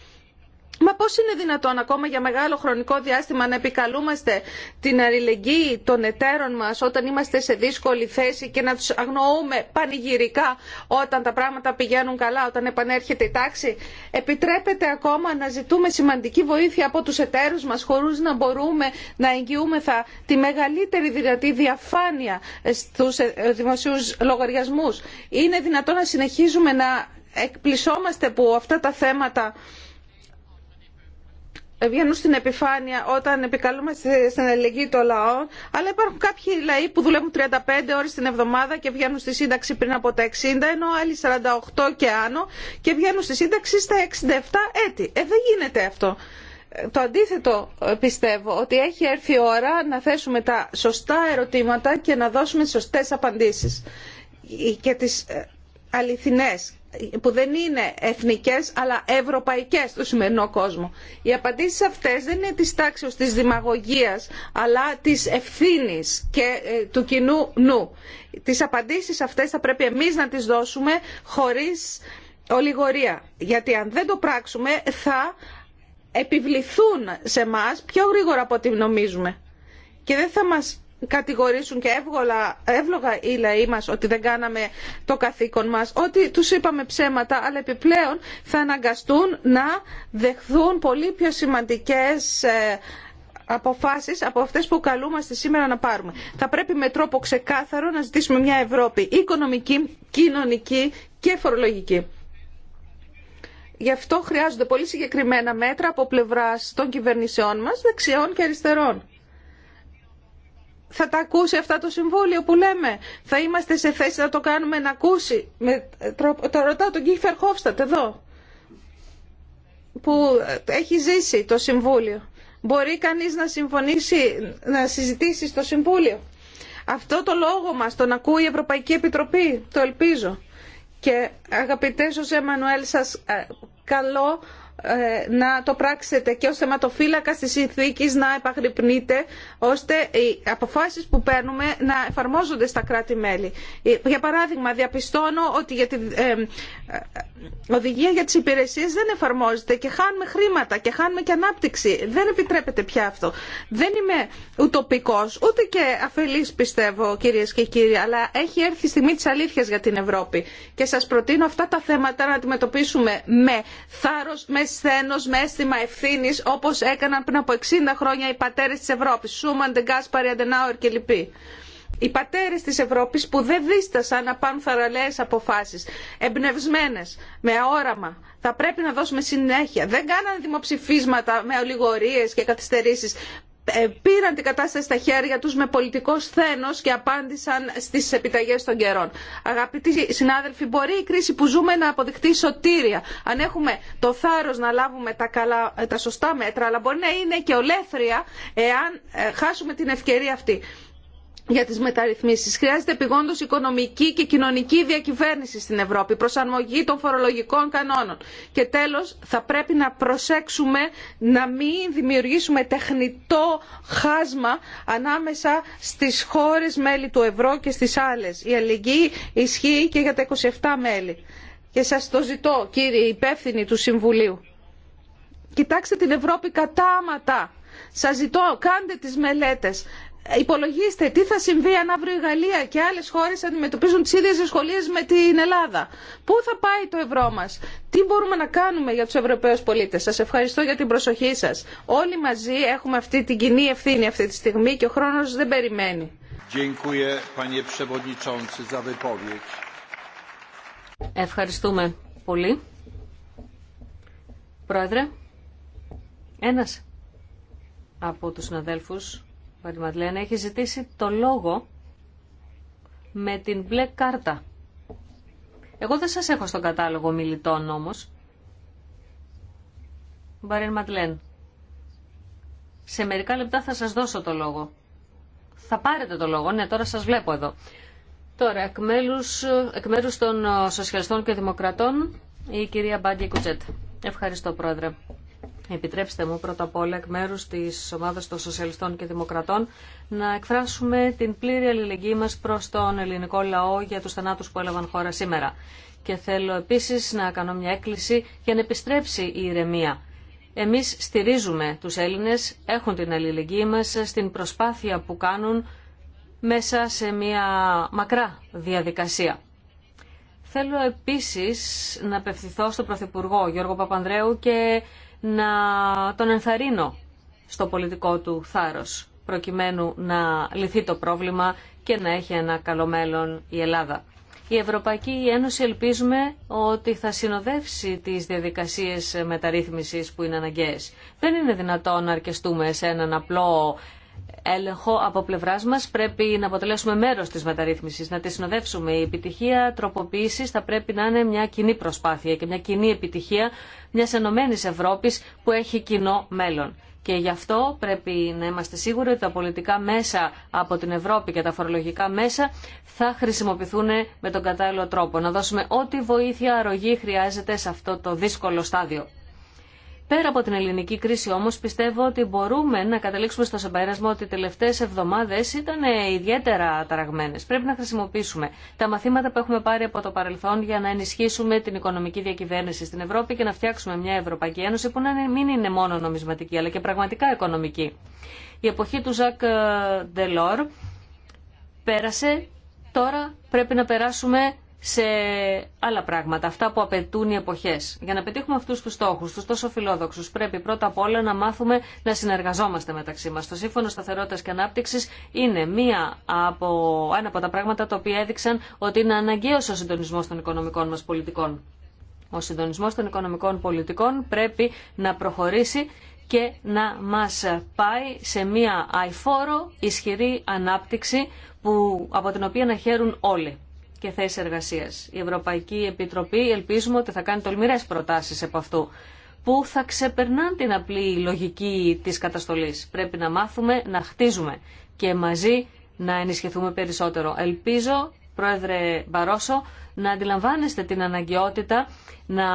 Μα πώς είναι δυνατόν ακόμα για μεγάλο χρονικό διάστημα να επικαλούμαστε την αλληλεγγύη των εταίρων μας όταν είμαστε σε δύσκολη θέση και να τους αγνοούμε πανηγυρικά όταν τα πράγματα πηγαίνουν καλά, όταν επανέρχεται η τάξη. Επιτρέπεται ακόμα να ζητούμε σημαντική βοήθεια από τους εταίρους μας χωρίς να μπορούμε να εγγυούμεθα τη μεγαλύτερη δυνατή διαφάνεια στους ε, ε, δημοσίου λογαριασμούς. Είναι δυνατόν να συνεχίζουμε να εκπλησόμαστε που αυτά τα θέματα βγαίνουν στην επιφάνεια όταν επικαλούμαστε στην αλληλεγγύη των λαών, αλλά υπάρχουν κάποιοι λαοί που δουλεύουν 35 ώρες την εβδομάδα και βγαίνουν στη σύνταξη πριν από τα 60, ενώ άλλοι 48 και άνω και βγαίνουν στη σύνταξη στα 67 έτη. Ε, δεν γίνεται αυτό. Ε, το αντίθετο ε, πιστεύω, ότι έχει έρθει η ώρα να θέσουμε τα σωστά ερωτήματα και να δώσουμε σωστές απαντήσεις ε, και τις αληθινές που δεν είναι εθνικές αλλά ευρωπαϊκές στο σημερινό κόσμο. Οι απαντήσεις αυτές δεν είναι της τάξης της δημαγωγίας αλλά της ευθύνης και ε, του κοινού νου. Τις απαντήσεις αυτές θα πρέπει εμείς να τις δώσουμε χωρίς ολιγορία. Γιατί αν δεν το πράξουμε θα επιβληθούν σε μας πιο γρήγορα από ό,τι νομίζουμε. Και δεν θα μας κατηγορήσουν και εύγολα, εύλογα οι λαοί μας ότι δεν κάναμε το καθήκον μας, ότι τους είπαμε ψέματα, αλλά επιπλέον θα αναγκαστούν να δεχθούν πολύ πιο σημαντικές ε, αποφάσεις από αυτές που καλούμαστε σήμερα να πάρουμε. Θα πρέπει με τρόπο ξεκάθαρο να ζητήσουμε μια Ευρώπη οικονομική, κοινωνική και φορολογική. Γι' αυτό χρειάζονται πολύ συγκεκριμένα μέτρα από πλευράς των κυβερνησεών μας, δεξιών και αριστερών θα τα ακούσει αυτά το Συμβούλιο που λέμε. Θα είμαστε σε θέση να το κάνουμε να ακούσει. Με, το ρωτάω τον Κίφερ Χόφστατ εδώ που ε, έχει ζήσει το Συμβούλιο. Μπορεί κανείς να συμφωνήσει, να συζητήσει στο Συμβούλιο. Αυτό το λόγο μας τον ακούει η Ευρωπαϊκή Επιτροπή, το ελπίζω. Και αγαπητέ Ζωζέ Μανουέλ, σας ε, καλώ ε, να το πράξετε και ως θεματοφύλακα της συνθήκη, να επαγρυπνείτε ώστε οι αποφάσεις που παίρνουμε να εφαρμόζονται στα κράτη-μέλη. Για παράδειγμα, διαπιστώνω ότι για την ε, ε, οδηγία για τις υπηρεσίες δεν εφαρμόζεται και χάνουμε χρήματα και χάνουμε και ανάπτυξη. Δεν επιτρέπεται πια αυτό. Δεν είμαι ουτοπικός, ούτε και αφελής πιστεύω κυρίες και κύριοι, αλλά έχει έρθει η στιγμή της αλήθειας για την Ευρώπη. Και σας προτείνω αυτά τα θέματα να αντιμετωπίσουμε με θάρρος, σθένο με αίσθημα ευθύνη όπω έκαναν πριν από 60 χρόνια οι πατέρε τη Ευρώπη, Σούμαν, Ντεγκάσπαρη, Αντενάουερ κλπ. Οι πατέρες τη Ευρώπη που δεν δίστασαν να πάρουν θαραλέες αποφάσει, εμπνευσμένε, με όραμα. Θα πρέπει να δώσουμε συνέχεια. Δεν κάνανε δημοψηφίσματα με ολιγορίε και καθυστερήσει. Ε, πήραν την κατάσταση στα χέρια τους με πολιτικό σθένος και απάντησαν στις επιταγές των καιρών. Αγαπητοί συνάδελφοι, μπορεί η κρίση που ζούμε να αποδειχτεί σωτήρια. Αν έχουμε το θάρρος να λάβουμε τα, καλά, τα σωστά μέτρα, αλλά μπορεί να είναι και ολέθρια εάν ε, χάσουμε την ευκαιρία αυτή για τις μεταρρυθμίσεις. Χρειάζεται επιγόντως οικονομική και κοινωνική διακυβέρνηση στην Ευρώπη, προσαρμογή των φορολογικών κανόνων. Και τέλος, θα πρέπει να προσέξουμε να μην δημιουργήσουμε τεχνητό χάσμα ανάμεσα στις χώρες μέλη του ευρώ και στις άλλες. Η αλληλεγγύη ισχύει και για τα 27 μέλη. Και σας το ζητώ, κύριοι υπεύθυνοι του Συμβουλίου. Κοιτάξτε την Ευρώπη κατάματα. Σας ζητώ, κάντε τις μελέτες υπολογίστε τι θα συμβεί αν αύριο η Γαλλία και άλλες χώρες αντιμετωπίζουν τις ίδιες δυσκολίες με την Ελλάδα. Πού θα πάει το ευρώ μας. Τι μπορούμε να κάνουμε για τους Ευρωπαίους πολίτες. Σας ευχαριστώ για την προσοχή σας. Όλοι μαζί έχουμε αυτή την κοινή ευθύνη αυτή τη στιγμή
και ο χρόνος δεν περιμένει. Ευχαριστούμε πολύ. Πρόεδρε, ένας από τους συναδέλφους Μαρή Ματλέν έχει ζητήσει το λόγο με την μπλε κάρτα. Εγώ δεν σας έχω στον κατάλογο μιλητών όμως. Μπαρή Ματλέν, σε μερικά λεπτά θα σας δώσω το λόγο. Θα πάρετε το λόγο, ναι, τώρα σας βλέπω εδώ. Τώρα, εκ, μέλους, μέρους των ε, Σοσιαλιστών και Δημοκρατών, η κυρία Μπάντια Κουτζέτ. Ευχαριστώ, Πρόεδρε. Επιτρέψτε μου πρώτα απ' όλα εκ μέρου τη ομάδα των Σοσιαλιστών και Δημοκρατών να εκφράσουμε την πλήρη αλληλεγγύη μα προ τον ελληνικό λαό για του θανάτου που έλαβαν χώρα σήμερα. Και θέλω επίση να κάνω μια έκκληση για να επιστρέψει η ηρεμία. Εμεί στηρίζουμε του Έλληνε, έχουν την αλληλεγγύη μα στην προσπάθεια που κάνουν μέσα σε μια μακρά διαδικασία. Θέλω επίσης να απευθυνθώ στον Πρωθυπουργό Γιώργο Παπανδρέου και να τον ενθαρρύνω στο πολιτικό του θάρρος προκειμένου να λυθεί το πρόβλημα και να έχει ένα καλό μέλλον η Ελλάδα. Η Ευρωπαϊκή Ένωση ελπίζουμε ότι θα συνοδεύσει τις διαδικασίες μεταρρύθμισης που είναι αναγκαίες. Δεν είναι δυνατόν να αρκεστούμε σε έναν απλό έλεγχο από πλευρά μα πρέπει να αποτελέσουμε μέρο τη μεταρρύθμιση, να τη συνοδεύσουμε. Η επιτυχία τροποποίηση θα πρέπει να είναι μια κοινή προσπάθεια και μια κοινή επιτυχία μια ενωμένη Ευρώπη που έχει κοινό μέλλον. Και γι' αυτό πρέπει να είμαστε σίγουροι ότι τα πολιτικά μέσα από την Ευρώπη και τα φορολογικά μέσα θα χρησιμοποιηθούν με τον κατάλληλο τρόπο. Να δώσουμε ό,τι βοήθεια αρρωγή χρειάζεται σε αυτό το δύσκολο στάδιο. Πέρα από την ελληνική κρίση όμως πιστεύω ότι μπορούμε να καταλήξουμε στο συμπέρασμα ότι οι τελευταίες εβδομάδες ήταν ε, ιδιαίτερα ταραγμένες. Πρέπει να χρησιμοποιήσουμε τα μαθήματα που έχουμε πάρει από το παρελθόν για να ενισχύσουμε την οικονομική διακυβέρνηση στην Ευρώπη και να φτιάξουμε μια Ευρωπαϊκή Ένωση που να μην είναι μόνο νομισματική αλλά και πραγματικά οικονομική. Η εποχή του Ζακ ε, Ντελόρ πέρασε, τώρα πρέπει να περάσουμε σε άλλα πράγματα, αυτά που απαιτούν οι εποχέ. Για να πετύχουμε αυτού του στόχου, του τόσο φιλόδοξου, πρέπει πρώτα απ' όλα να μάθουμε να συνεργαζόμαστε μεταξύ μα. Το Σύμφωνο Σταθερότητα και ανάπτυξη είναι μία από, ένα από τα πράγματα τα οποία έδειξαν ότι είναι αναγκαίο ο συντονισμό των οικονομικών μα πολιτικών. Ο συντονισμό των οικονομικών πολιτικών πρέπει να προχωρήσει και να μας πάει σε μία αηφόρο ισχυρή ανάπτυξη που, από την οποία να χαίρουν όλοι και θέσει εργασία. Η Ευρωπαϊκή Επιτροπή ελπίζουμε ότι θα κάνει τολμηρέ προτάσει από αυτού που θα ξεπερνάν την απλή λογική της καταστολής. Πρέπει να μάθουμε να χτίζουμε και μαζί να ενισχυθούμε περισσότερο. Ελπίζω, Πρόεδρε Μπαρόσο, να αντιλαμβάνεστε την αναγκαιότητα να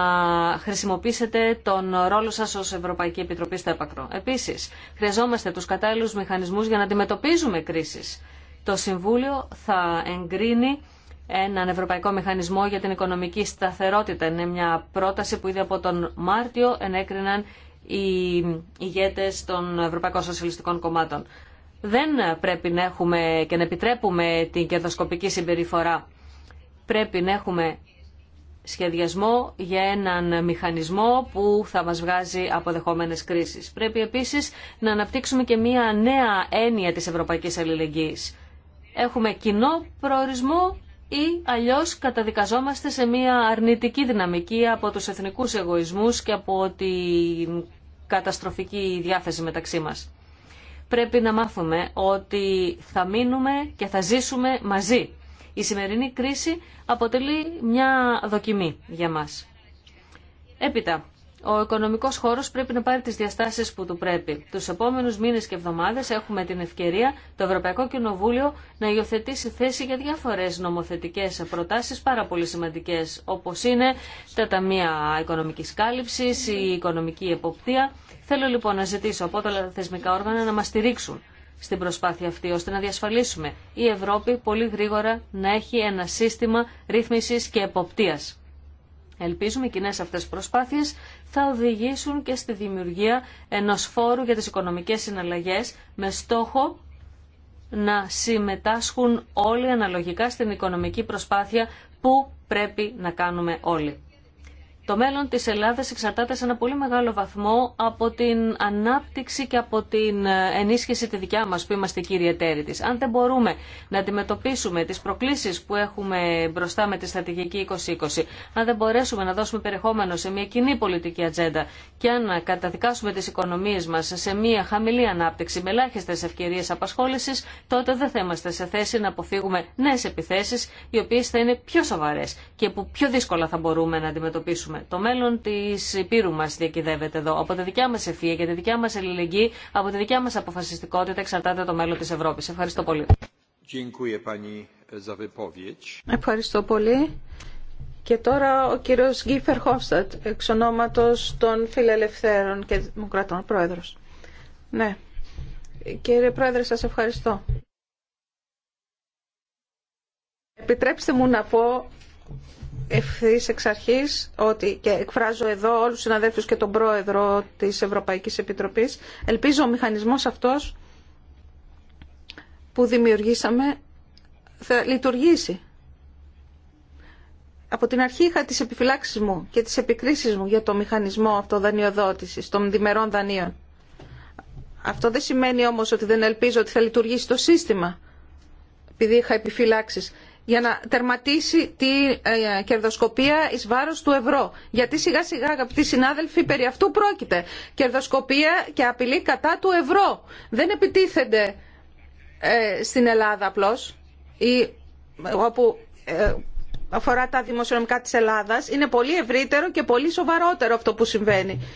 χρησιμοποιήσετε τον ρόλο σας ως Ευρωπαϊκή Επιτροπή στο έπακρο. Επίσης, χρειαζόμαστε τους κατάλληλους μηχανισμούς για να αντιμετωπίζουμε κρίσεις. Το Συμβούλιο θα εγκρίνει έναν Ευρωπαϊκό Μηχανισμό για την Οικονομική Σταθερότητα. Είναι μια πρόταση που ήδη από τον Μάρτιο ενέκριναν οι ηγέτες των Ευρωπαϊκών Σοσιαλιστικών Κομμάτων. Δεν πρέπει να έχουμε και να επιτρέπουμε την κερδοσκοπική συμπεριφορά. Πρέπει να έχουμε σχεδιασμό για έναν μηχανισμό που θα μας βγάζει από κρίσεις. Πρέπει επίσης να αναπτύξουμε και μια νέα έννοια της ευρωπαϊκής αλληλεγγύης. Έχουμε κοινό προορισμό ή αλλιώς καταδικαζόμαστε σε μια αρνητική δυναμική από τους εθνικούς εγωισμούς και από την καταστροφική διάθεση μεταξύ μας. Πρέπει να μάθουμε ότι θα μείνουμε και θα ζήσουμε μαζί. Η σημερινή κρίση αποτελεί μια δοκιμή για μας. Έπειτα, ο οικονομικό χώρο πρέπει να πάρει τι διαστάσει που του πρέπει. Του επόμενου μήνε και εβδομάδε έχουμε την ευκαιρία το Ευρωπαϊκό Κοινοβούλιο να υιοθετήσει θέση για διάφορε νομοθετικέ προτάσει πάρα πολύ σημαντικέ, όπως είναι τα Ταμεία οικονομική κάλυψη, η Οικονομική Εποπτεία. Θέλω λοιπόν να ζητήσω από τα θεσμικά όργανα να μα στηρίξουν στην προσπάθεια αυτή, ώστε να διασφαλίσουμε η Ευρώπη πολύ γρήγορα να έχει ένα σύστημα ρύθμισης και εποπτείας. Ελπίζουμε οι κοινέ αυτές προσπάθειες θα οδηγήσουν και στη δημιουργία ενός φόρου για τις οικονομικές συναλλαγές με στόχο να συμμετάσχουν όλοι αναλογικά στην οικονομική προσπάθεια που πρέπει να κάνουμε όλοι. Το μέλλον της Ελλάδας εξαρτάται σε ένα πολύ μεγάλο βαθμό από την ανάπτυξη και από την ε, ενίσχυση τη δικιά μας που είμαστε κύριε εταίροι της. Αν δεν μπορούμε να αντιμετωπίσουμε τις προκλήσεις που έχουμε μπροστά με τη στρατηγική 2020, αν δεν μπορέσουμε να δώσουμε περιεχόμενο σε μια κοινή πολιτική ατζέντα και αν καταδικάσουμε τις οικονομίες μας σε μια χαμηλή ανάπτυξη με ελάχιστε ευκαιρίε απασχόλησης, τότε δεν θα είμαστε σε θέση να αποφύγουμε νέες επιθέσεις οι οποίες θα είναι πιο σοβαρές και που πιο δύσκολα θα μπορούμε να αντιμετωπίσουμε. Το μέλλον τη Υπήρου μα διακυδεύεται εδώ. Από τη δικιά μα ευφυα και τη δικιά μα ελληνική, από τη δικιά μα αποφασιστικότητα εξαρτάται το μέλλον τη Ευρώπη. Ευχαριστώ πολύ. Ευχαριστώ πολύ.
Και τώρα ο κύριος Γκίφερ Χόφστατ, εξ ονόματος των Φιλελευθέρων και Δημοκρατών, πρόεδρος. Ναι. Κύριε Πρόεδρε, σας ευχαριστώ. Επιτρέψτε μου να πω ευθύ εξ αρχή ότι και εκφράζω εδώ όλου του συναδέλφου και τον πρόεδρο τη Ευρωπαϊκή Επιτροπή. Ελπίζω ο μηχανισμό αυτό που δημιουργήσαμε θα λειτουργήσει. Από την αρχή είχα τις επιφυλάξεις μου και τις επικρίσεις μου για το μηχανισμό αυτό των διμερών δανείων. Αυτό δεν σημαίνει όμως ότι δεν ελπίζω ότι θα λειτουργήσει το σύστημα, επειδή είχα επιφυλάξεις για να τερματίσει τη ε, κερδοσκοπία εις βάρος του ευρώ. Γιατί σιγά σιγά αγαπητοί συνάδελφοι περί αυτού πρόκειται. Κερδοσκοπία και απειλή κατά του ευρώ. Δεν επιτίθενται ε, στην Ελλάδα απλώς ή όπου ε, αφορά τα δημοσιονομικά της Ελλάδας. Είναι πολύ ευρύτερο και πολύ σοβαρότερο αυτό που συμβαίνει.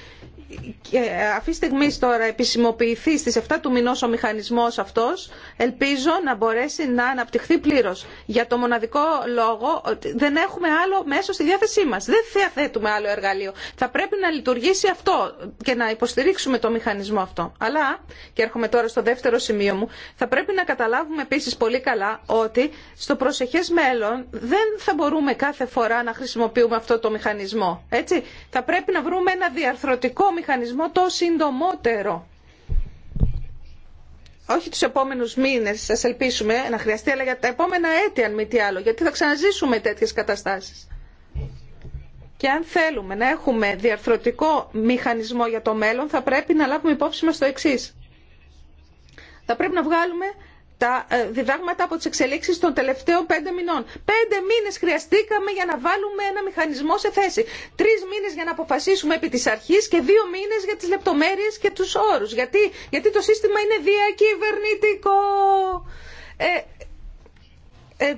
Και αυτή τη στιγμή τώρα επισημοποιηθεί στις 7 του μηνός ο μηχανισμός αυτός, ελπίζω να μπορέσει να αναπτυχθεί πλήρως. Για το μοναδικό λόγο ότι δεν έχουμε άλλο μέσο στη διάθεσή μας. Δεν θέτουμε άλλο εργαλείο. Θα πρέπει να λειτουργήσει αυτό και να υποστηρίξουμε το μηχανισμό αυτό. Αλλά, και έρχομαι τώρα στο δεύτερο σημείο μου, θα πρέπει να καταλάβουμε επίσης πολύ καλά ότι στο προσεχές μέλλον δεν θα μπορούμε κάθε φορά να χρησιμοποιούμε αυτό το μηχανισμό. Έτσι, θα πρέπει να βρούμε ένα διαρθρωτικό μηχανισμό μηχανισμό το συντομότερο. Όχι του επόμενου μήνε, σας ελπίσουμε να χρειαστεί, αλλά για τα επόμενα έτη αν μη τι άλλο, γιατί θα ξαναζήσουμε τέτοιε καταστάσει. Και αν θέλουμε να έχουμε διαρθρωτικό μηχανισμό για το μέλλον, θα πρέπει να λάβουμε υπόψη μα το εξή. Θα πρέπει να βγάλουμε τα ε, διδάγματα από τις εξελίξεις των τελευταίων πέντε μηνών. Πέντε μήνες χρειαστήκαμε για να βάλουμε ένα μηχανισμό σε θέση. Τρεις μήνες για να αποφασίσουμε επί της αρχής και δύο μήνες για τις λεπτομέρειες και τους όρους. Γιατί, Γιατί το σύστημα είναι διακυβερνητικό. Ε, ε,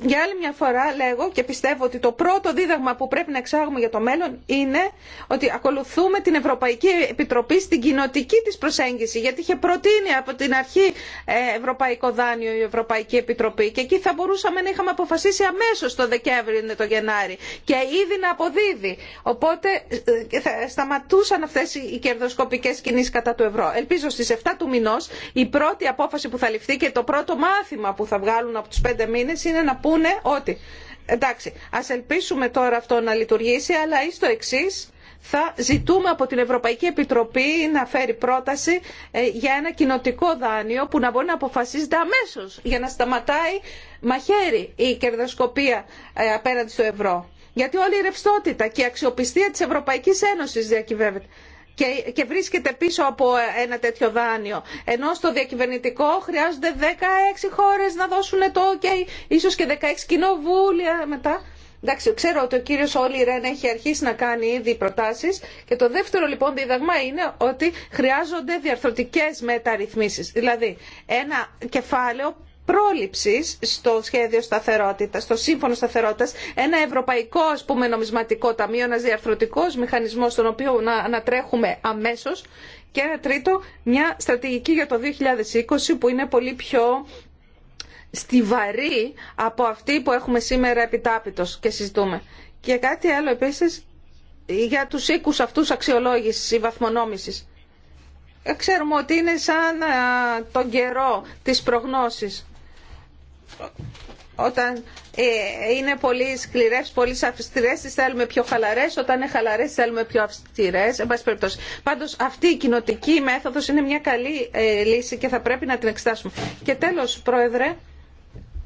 για άλλη μια φορά λέγω και πιστεύω ότι το πρώτο δίδαγμα που πρέπει να εξάγουμε για το μέλλον είναι ότι ακολουθούμε την Ευρωπαϊκή Επιτροπή στην κοινοτική της προσέγγιση γιατί είχε προτείνει από την αρχή ε, Ευρωπαϊκό Δάνειο η Ευρωπαϊκή Επιτροπή και εκεί θα μπορούσαμε να είχαμε αποφασίσει αμέσως το Δεκέμβριο είναι το Γενάρη και ήδη να αποδίδει οπότε ε, θα σταματούσαν αυτές οι κερδοσκοπικές κινήσεις κατά του ευρώ. Ελπίζω στις 7 του μηνός η πρώτη απόφαση που θα ληφθεί και το πρώτο μάθημα που θα βγάλουν από τους 5 είναι να πούνε ότι εντάξει α ελπίσουμε τώρα αυτό να λειτουργήσει αλλά ει το εξή θα ζητούμε από την Ευρωπαϊκή Επιτροπή να φέρει πρόταση ε, για ένα κοινοτικό δάνειο που να μπορεί να αποφασίζεται αμέσω για να σταματάει μαχαίρι η κερδοσκοπία ε, απέναντι στο ευρώ. Γιατί όλη η ρευστότητα και η αξιοπιστία της Ευρωπαϊκής Ένωσης διακυβεύεται και, βρίσκεται πίσω από ένα τέτοιο δάνειο. Ενώ στο διακυβερνητικό χρειάζονται 16 χώρε να δώσουν το OK, ίσως και 16 κοινοβούλια μετά. Εντάξει, ξέρω ότι ο κύριο Όλη Ρεν έχει αρχίσει να κάνει ήδη προτάσει και το δεύτερο λοιπόν δίδαγμα είναι ότι χρειάζονται διαρθρωτικέ μεταρρυθμίσει. Δηλαδή, ένα κεφάλαιο πρόληψης στο σχέδιο σταθερότητας, στο σύμφωνο σταθερότητας, ένα ευρωπαϊκό ας πούμε, νομισματικό ταμείο, ένα διαρθρωτικό μηχανισμό, στον οποίο να ανατρέχουμε αμέσως και ένα τρίτο μια στρατηγική για το 2020 που είναι πολύ πιο στιβαρή από αυτή που έχουμε σήμερα επιτάπητος και συζητούμε. Και κάτι άλλο επίσης για τους οίκους αυτούς αξιολόγησης ή βαθμονόμησης. Ε, ξέρουμε ότι είναι σαν τον καιρό της προγνώσης. Όταν ε, είναι πολύ σκληρές, πολύ αυστηρές, τις θέλουμε πιο χαλαρές. Όταν είναι χαλαρές, θέλουμε πιο αυστηρές. Εν περιπτώσει. Πάντως, αυτή η κοινοτική μέθοδος είναι μια καλή ε, λύση και θα πρέπει να την εξετάσουμε. Και τέλος, Πρόεδρε,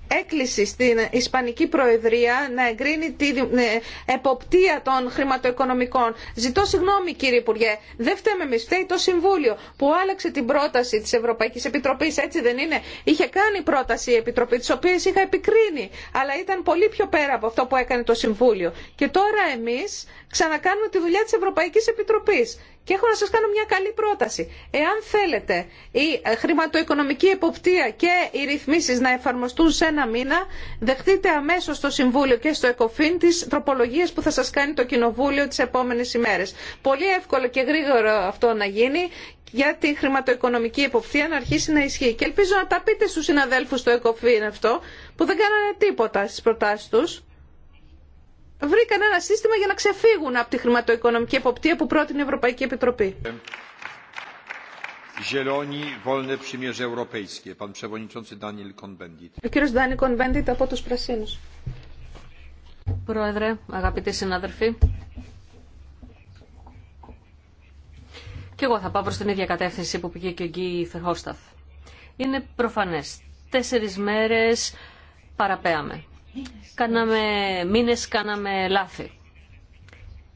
έκκληση στην Ισπανική Προεδρία να εγκρίνει την ε, εποπτεία των χρηματοοικονομικών. Ζητώ συγγνώμη κύριε Υπουργέ, δεν φταίμε εμεί. φταίει το Συμβούλιο που άλλαξε την πρόταση της Ευρωπαϊκής Επιτροπής, έτσι δεν είναι. Είχε κάνει πρόταση η Επιτροπή, της οποίας είχα επικρίνει, αλλά ήταν πολύ πιο πέρα από αυτό που έκανε το Συμβούλιο. Και τώρα εμείς ξανακάνουμε τη δουλειά της Ευρωπαϊκής Επιτροπής και έχω να σας κάνω μια καλή πρόταση. Εάν θέλετε η ε, χρηματοοικονομική εποπτεία και οι ρυθμίσεις να εφαρμοστούν σε ένα μήνα, δεχτείτε αμέσως στο Συμβούλιο και στο ΕΚΟΦΗΝ τις τροπολογίες που θα σας κάνει το Κοινοβούλιο τις επόμενες ημέρες. Πολύ εύκολο και γρήγορο αυτό να γίνει για τη χρηματοοικονομική εποπτεία να αρχίσει να ισχύει. Και ελπίζω να τα πείτε στους συναδέλφους στο ΕΚΟΦΗΝ αυτό, που δεν κάνανε τίποτα στις προτάσεις τους βρήκαν ένα σύστημα για να ξεφύγουν από τη χρηματοοικονομική εποπτεία που πρότεινε η Ευρωπαϊκή Επιτροπή. Ο
κύριος Ντάνι Κονβέντιτ από τους Πρασίνους. Πρόεδρε, αγαπητοί συνάδελφοι, και εγώ θα πάω προς την ίδια κατεύθυνση που πήγε και ο Γκί Φερχόσταθ. Είναι προφανές. Τέσσερις μέρες παραπέαμε κάναμε, μήνες κάναμε λάθη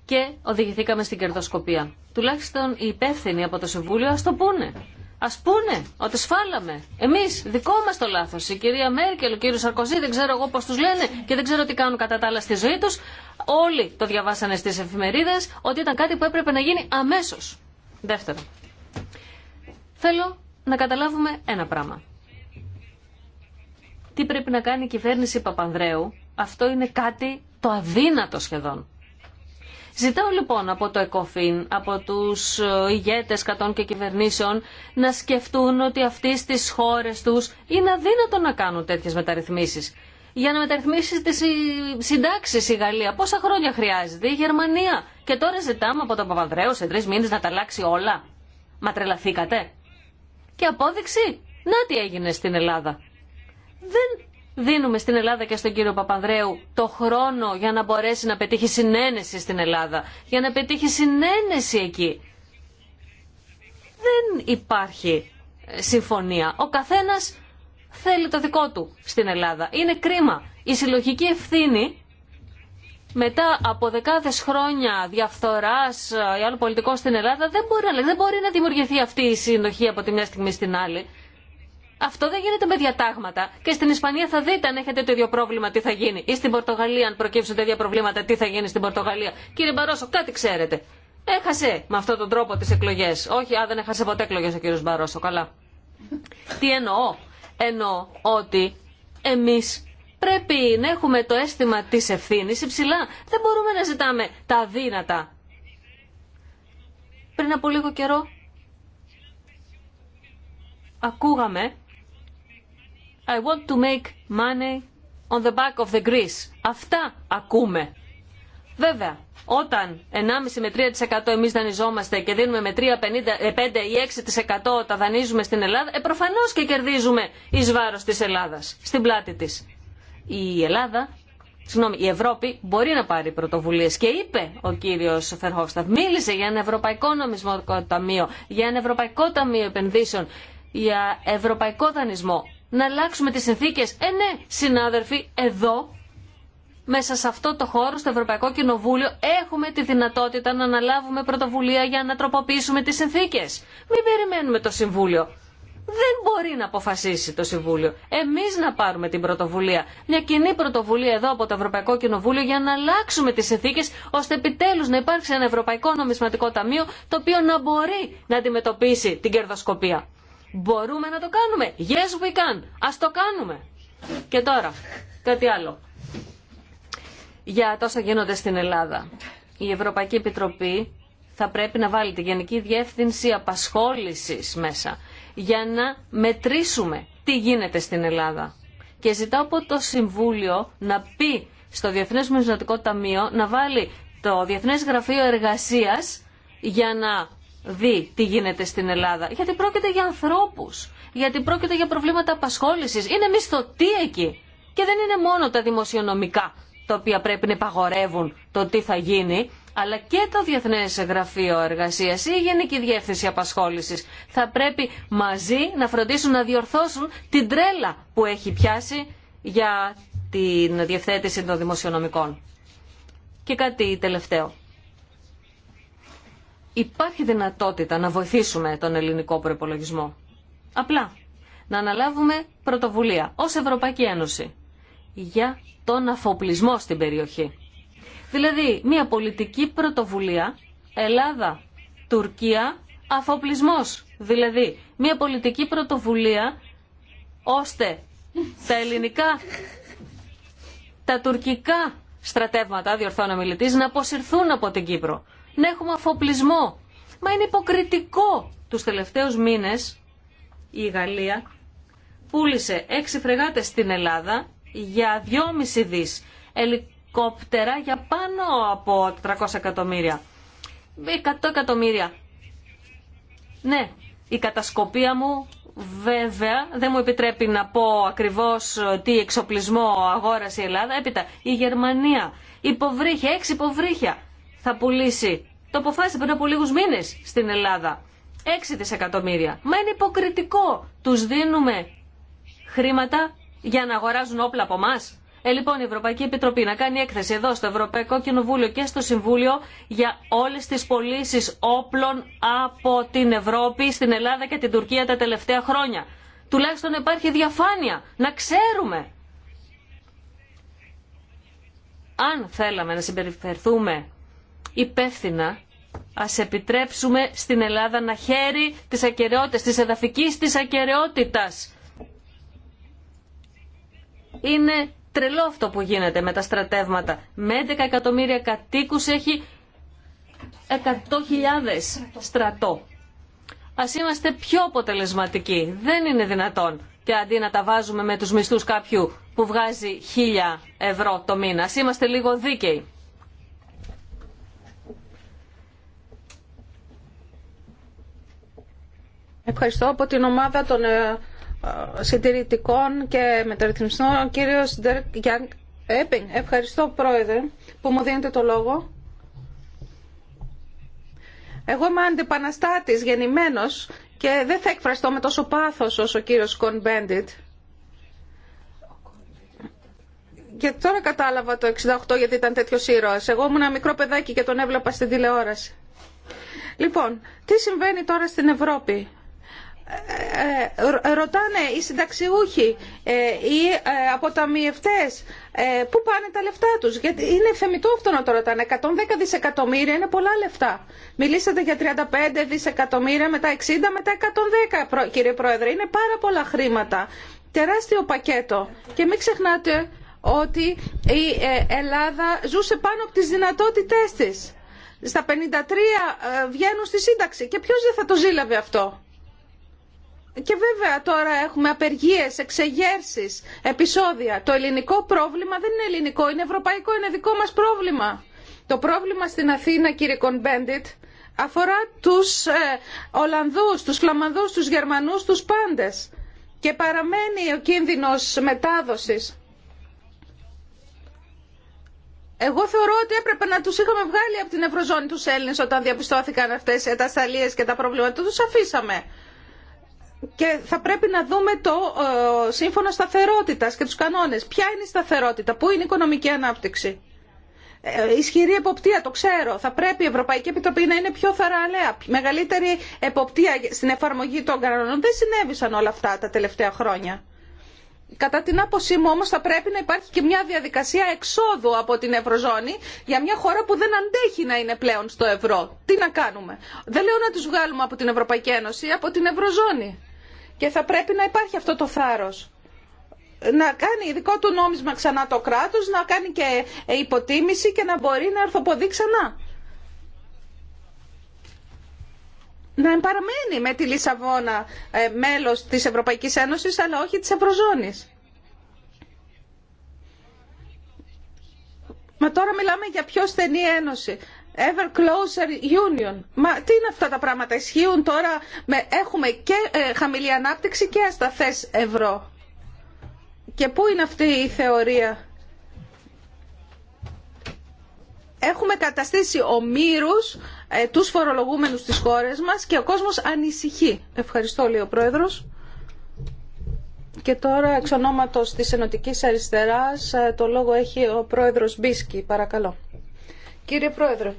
και οδηγηθήκαμε στην κερδοσκοπία. Τουλάχιστον οι υπεύθυνοι από το Συμβούλιο ας το πούνε. Ας πούνε ότι σφάλαμε. Εμείς, δικό μας το λάθος. Η κυρία Μέρκελ, ο κύριος Σαρκοζή, δεν ξέρω εγώ πώς τους λένε και δεν ξέρω τι κάνουν κατά τα άλλα στη ζωή τους. Όλοι το διαβάσανε στις εφημερίδες ότι ήταν κάτι που έπρεπε να γίνει αμέσως. Δεύτερο. Θέλω να καταλάβουμε ένα πράγμα τι πρέπει να κάνει η κυβέρνηση Παπανδρέου, αυτό είναι κάτι το αδύνατο σχεδόν. Ζητάω λοιπόν από το ΕΚΟΦΗΝ, από τους ε, ηγέτες κατών και κυβερνήσεων να σκεφτούν ότι αυτοί στις χώρες τους είναι αδύνατο να κάνουν τέτοιες μεταρρυθμίσεις. Για να μεταρρυθμίσει τι ε, συντάξει η Γαλλία πόσα χρόνια χρειάζεται, η Γερμανία. Και τώρα ζητάμε από τον Παπαδρέο σε τρει μήνες να τα αλλάξει όλα. Μα τρελαθήκατε. Και απόδειξη, να τι έγινε στην Ελλάδα δεν δίνουμε στην Ελλάδα και στον κύριο Παπανδρέου το χρόνο για να μπορέσει να πετύχει συνένεση στην Ελλάδα, για να πετύχει συνένεση εκεί. Δεν υπάρχει ε, συμφωνία. Ο καθένας θέλει το δικό του στην Ελλάδα. Είναι κρίμα. Η συλλογική ευθύνη μετά από δεκάδες χρόνια διαφθοράς ε, ή άλλο πολιτικό στην Ελλάδα δεν μπορεί, δεν μπορεί να δημιουργηθεί αυτή η συνοχή από τη μια στιγμή στην άλλη. Αυτό δεν γίνεται με διατάγματα. Και στην Ισπανία θα δείτε αν έχετε το ίδιο πρόβλημα τι θα γίνει. Ή στην Πορτογαλία, αν προκύψουν τέτοια προβλήματα, τι θα γίνει στην Πορτογαλία. Κύριε Μπαρόσο, κάτι ξέρετε. Έχασε με αυτόν τον τρόπο τι εκλογέ. Όχι, α, δεν έχασε ποτέ εκλογέ ο κύριο Μπαρόσο. Καλά. Τι εννοώ. Εννοώ ότι εμεί πρέπει να έχουμε το αίσθημα τη ευθύνη υψηλά. Δεν μπορούμε να ζητάμε τα αδύνατα. Πριν από λίγο καιρό ακούγαμε I want to make money on the back of the Greece. Αυτά ακούμε. Βέβαια, όταν 1,5 με 3% εμείς δανειζόμαστε και δίνουμε με 3,5 5 ε, ή 6% τα δανείζουμε στην Ελλάδα, ε, προφανώς και κερδίζουμε εις βάρος της Ελλάδας, στην πλάτη της. Η Ελλάδα, συγγνώμη, η Ευρώπη μπορεί να πάρει πρωτοβουλίες και είπε ο κύριος Φερχόφσταθ, μίλησε για ένα Ευρωπαϊκό Νομισμό Ταμείο, για ένα Ευρωπαϊκό Ταμείο Επενδύσεων, για Ευρωπαϊκό Δανεισμό να αλλάξουμε τις συνθήκες. Ε, ναι, συνάδελφοι, εδώ, μέσα σε αυτό το χώρο, στο Ευρωπαϊκό Κοινοβούλιο, έχουμε τη δυνατότητα να αναλάβουμε πρωτοβουλία για να τροποποιήσουμε τις συνθήκες. Μην περιμένουμε το Συμβούλιο. Δεν μπορεί να αποφασίσει το Συμβούλιο. Εμείς να πάρουμε την πρωτοβουλία. Μια κοινή πρωτοβουλία εδώ από το Ευρωπαϊκό Κοινοβούλιο για να αλλάξουμε τις συνθήκε ώστε επιτέλους να υπάρξει ένα Ευρωπαϊκό Νομισματικό Ταμείο το οποίο να μπορεί να αντιμετωπίσει την κερδοσκοπία. Μπορούμε να το κάνουμε. Yes, we can. Ας το κάνουμε. Και τώρα, κάτι άλλο. Για τόσα γίνονται στην Ελλάδα. Η Ευρωπαϊκή Επιτροπή θα πρέπει να βάλει τη Γενική Διεύθυνση Απασχόλησης μέσα για να μετρήσουμε τι γίνεται στην Ελλάδα. Και ζητάω από το Συμβούλιο να πει στο Διεθνές Μεσονατικό Ταμείο να βάλει το Διεθνές Γραφείο Εργασίας για να δει τι γίνεται στην Ελλάδα. Γιατί πρόκειται για ανθρώπου. γιατί πρόκειται για προβλήματα απασχόληση. Είναι μισθωτή εκεί. Και δεν είναι μόνο τα δημοσιονομικά τα οποία πρέπει να υπαγορεύουν το τι θα γίνει, αλλά και το διεθνέ Γραφείο Εργασίας ή η Γενική Διεύθυνση απασχόληση. Θα πρέπει μαζί να φροντίσουν να διορθώσουν την τρέλα που έχει πιάσει για την διευθέτηση των δημοσιονομικών. Και κάτι τελευταίο υπάρχει δυνατότητα να βοηθήσουμε τον ελληνικό προπολογισμό. Απλά να αναλάβουμε πρωτοβουλία ως Ευρωπαϊκή Ένωση για τον αφοπλισμό στην περιοχή. Δηλαδή, μια πολιτική πρωτοβουλία Ελλάδα, Τουρκία, αφοπλισμός. Δηλαδή, μια πολιτική πρωτοβουλία ώστε τα ελληνικά, τα τουρκικά στρατεύματα, διορθώνω μιλητής, να αποσυρθούν από την Κύπρο να έχουμε αφοπλισμό. Μα είναι υποκριτικό τους τελευταίους μήνες η Γαλλία πούλησε έξι φρεγάτες στην Ελλάδα για 2,5 δις, ελικόπτερα για πάνω από 300 εκατομμύρια. 100 εκατομμύρια. Ναι, η κατασκοπία μου βέβαια δεν μου επιτρέπει να πω ακριβώς τι εξοπλισμό αγόρασε η Ελλάδα. Έπειτα η Γερμανία υποβρύχια, έξι υποβρύχια θα πουλήσει το αποφάσισε πριν από λίγους μήνες στην Ελλάδα. 6 δισεκατομμύρια. Μα είναι υποκριτικό. Τους δίνουμε χρήματα για να αγοράζουν όπλα από εμά. Ε, λοιπόν, η Ευρωπαϊκή Επιτροπή να κάνει έκθεση εδώ στο Ευρωπαϊκό Κοινοβούλιο και στο Συμβούλιο για όλες τις πωλήσει όπλων από την Ευρώπη στην Ελλάδα και την Τουρκία τα τελευταία χρόνια. Τουλάχιστον υπάρχει διαφάνεια. Να ξέρουμε. Αν θέλαμε να συμπεριφερθούμε υπεύθυνα ας επιτρέψουμε στην Ελλάδα να χαίρει της ακεραιότητες της εδαφικής της ακεραιότητας Είναι τρελό αυτό που γίνεται με τα στρατεύματα. Με 11 εκατομμύρια κατοίκους έχει 100.000 στρατό. Ας είμαστε πιο αποτελεσματικοί. Δεν είναι δυνατόν. Και αντί να τα βάζουμε με τους μισθούς κάποιου που βγάζει 1.000 ευρώ το μήνα. Ας είμαστε λίγο δίκαιοι.
Ευχαριστώ από την ομάδα των ε, ε, συντηρητικών και μεταρρυθμιστών, ο κύριος Ντέρκ Γιάνγκ Έπινγκ. Ευχαριστώ, Πρόεδρε, που μου δίνετε το λόγο. Εγώ είμαι αντιπαναστάτης γεννημένο και δεν θα εκφραστώ με τόσο πάθο όσο ο κύριος Μπέντιτ. Και τώρα κατάλαβα το 68 γιατί ήταν τέτοιο ήρωας. Εγώ ήμουν ένα μικρό παιδάκι και τον έβλεπα στην τηλεόραση. Λοιπόν, τι συμβαίνει τώρα στην Ευρώπη. Ε, ε, ε, ρωτάνε οι συνταξιούχοι, οι αποταμιευτές, πού πάνε τα λεφτά τους. Γιατί είναι θεμητό αυτό να το ρωτάνε. 110 δισεκατομμύρια είναι πολλά λεφτά. Μιλήσατε για 35 δισεκατομμύρια, μετά 60, μετά 110 κύριε Πρόεδρε. Είναι πάρα πολλά χρήματα. Τεράστιο πακέτο. Και μην ξεχνάτε ότι η Ελλάδα ζούσε πάνω από τις δυνατότητές της. Στα 53 βγαίνουν στη σύνταξη. Και ποιος δεν θα το ζήλαβε αυτό. Και βέβαια τώρα έχουμε απεργίες, εξεγέρσεις, επεισόδια. Το ελληνικό πρόβλημα δεν είναι ελληνικό, είναι ευρωπαϊκό, είναι δικό μας πρόβλημα. Το πρόβλημα στην Αθήνα, κύριε Κονμπέντιτ, αφορά τους ε, Ολλανδούς, τους Φλαμανδούς, τους Γερμανούς, τους πάντες. Και παραμένει ο κίνδυνος μετάδοσης. Εγώ θεωρώ ότι έπρεπε να του είχαμε βγάλει από την Ευρωζώνη του Έλληνε όταν διαπιστώθηκαν αυτέ οι ατασταλίε και τα προβλήματα. Του αφήσαμε και θα πρέπει να δούμε το ε, σύμφωνο σταθερότητας και τους κανόνες. Ποια είναι η σταθερότητα, πού είναι η οικονομική ανάπτυξη. Ε, ισχυρή εποπτεία, το ξέρω. Θα πρέπει η Ευρωπαϊκή Επιτροπή να είναι πιο θαραλέα. Μεγαλύτερη εποπτεία στην εφαρμογή των κανόνων. Δεν συνέβησαν όλα αυτά τα τελευταία χρόνια. Κατά την άποψή μου όμως θα πρέπει να υπάρχει και μια διαδικασία εξόδου από την Ευρωζώνη για μια χώρα που δεν αντέχει να είναι πλέον στο ευρώ. Τι να κάνουμε. Δεν λέω να τους βγάλουμε από την Ευρωπαϊκή Ένωση, από την Ευρωζώνη. Και θα πρέπει να υπάρχει αυτό το θάρρος. Να κάνει ειδικό του νόμισμα ξανά το κράτος, να κάνει και υποτίμηση και να μπορεί να αρθοποδεί ξανά. Να παραμένει με τη Λισαβόνα ε, μέλος της Ευρωπαϊκής Ένωσης, αλλά όχι της Ευρωζώνης. Μα τώρα μιλάμε για πιο στενή ένωση. Ever Closer Union. Μα τι είναι αυτά τα πράγματα. Ισχύουν τώρα. Με, έχουμε και ε, χαμηλή ανάπτυξη και ασταθές ευρώ. Και πού είναι αυτή η θεωρία. Έχουμε καταστήσει ο ε, τους φορολογούμενους της χώρας μας και ο κόσμος ανησυχεί. Ευχαριστώ λέει ο Πρόεδρος. Και τώρα εξ ονόματος της Ενωτικής Αριστεράς ε, το λόγο έχει ο Πρόεδρος Μπίσκι. Παρακαλώ. Κύριε Πρόεδρε,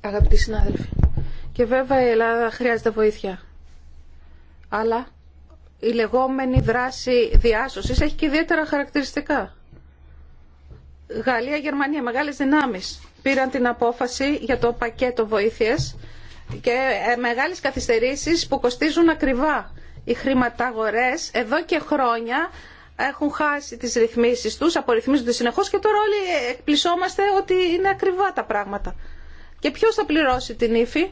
αγαπητοί συνάδελφοι. Και βέβαια η Ελλάδα χρειάζεται βοήθεια. Αλλά η λεγόμενη δράση διάσωσης έχει και ιδιαίτερα χαρακτηριστικά. Γαλλία, Γερμανία, μεγάλες δυνάμεις πήραν την απόφαση για το πακέτο βοήθειας και ε, μεγάλες καθυστερήσεις που κοστίζουν ακριβά. Οι χρηματαγορές εδώ και χρόνια έχουν χάσει τις ρυθμίσεις τους, απορριθμίζονται συνεχώς και τώρα όλοι εκπλησόμαστε ότι είναι ακριβά τα πράγματα. Και ποιο θα πληρώσει την ύφη?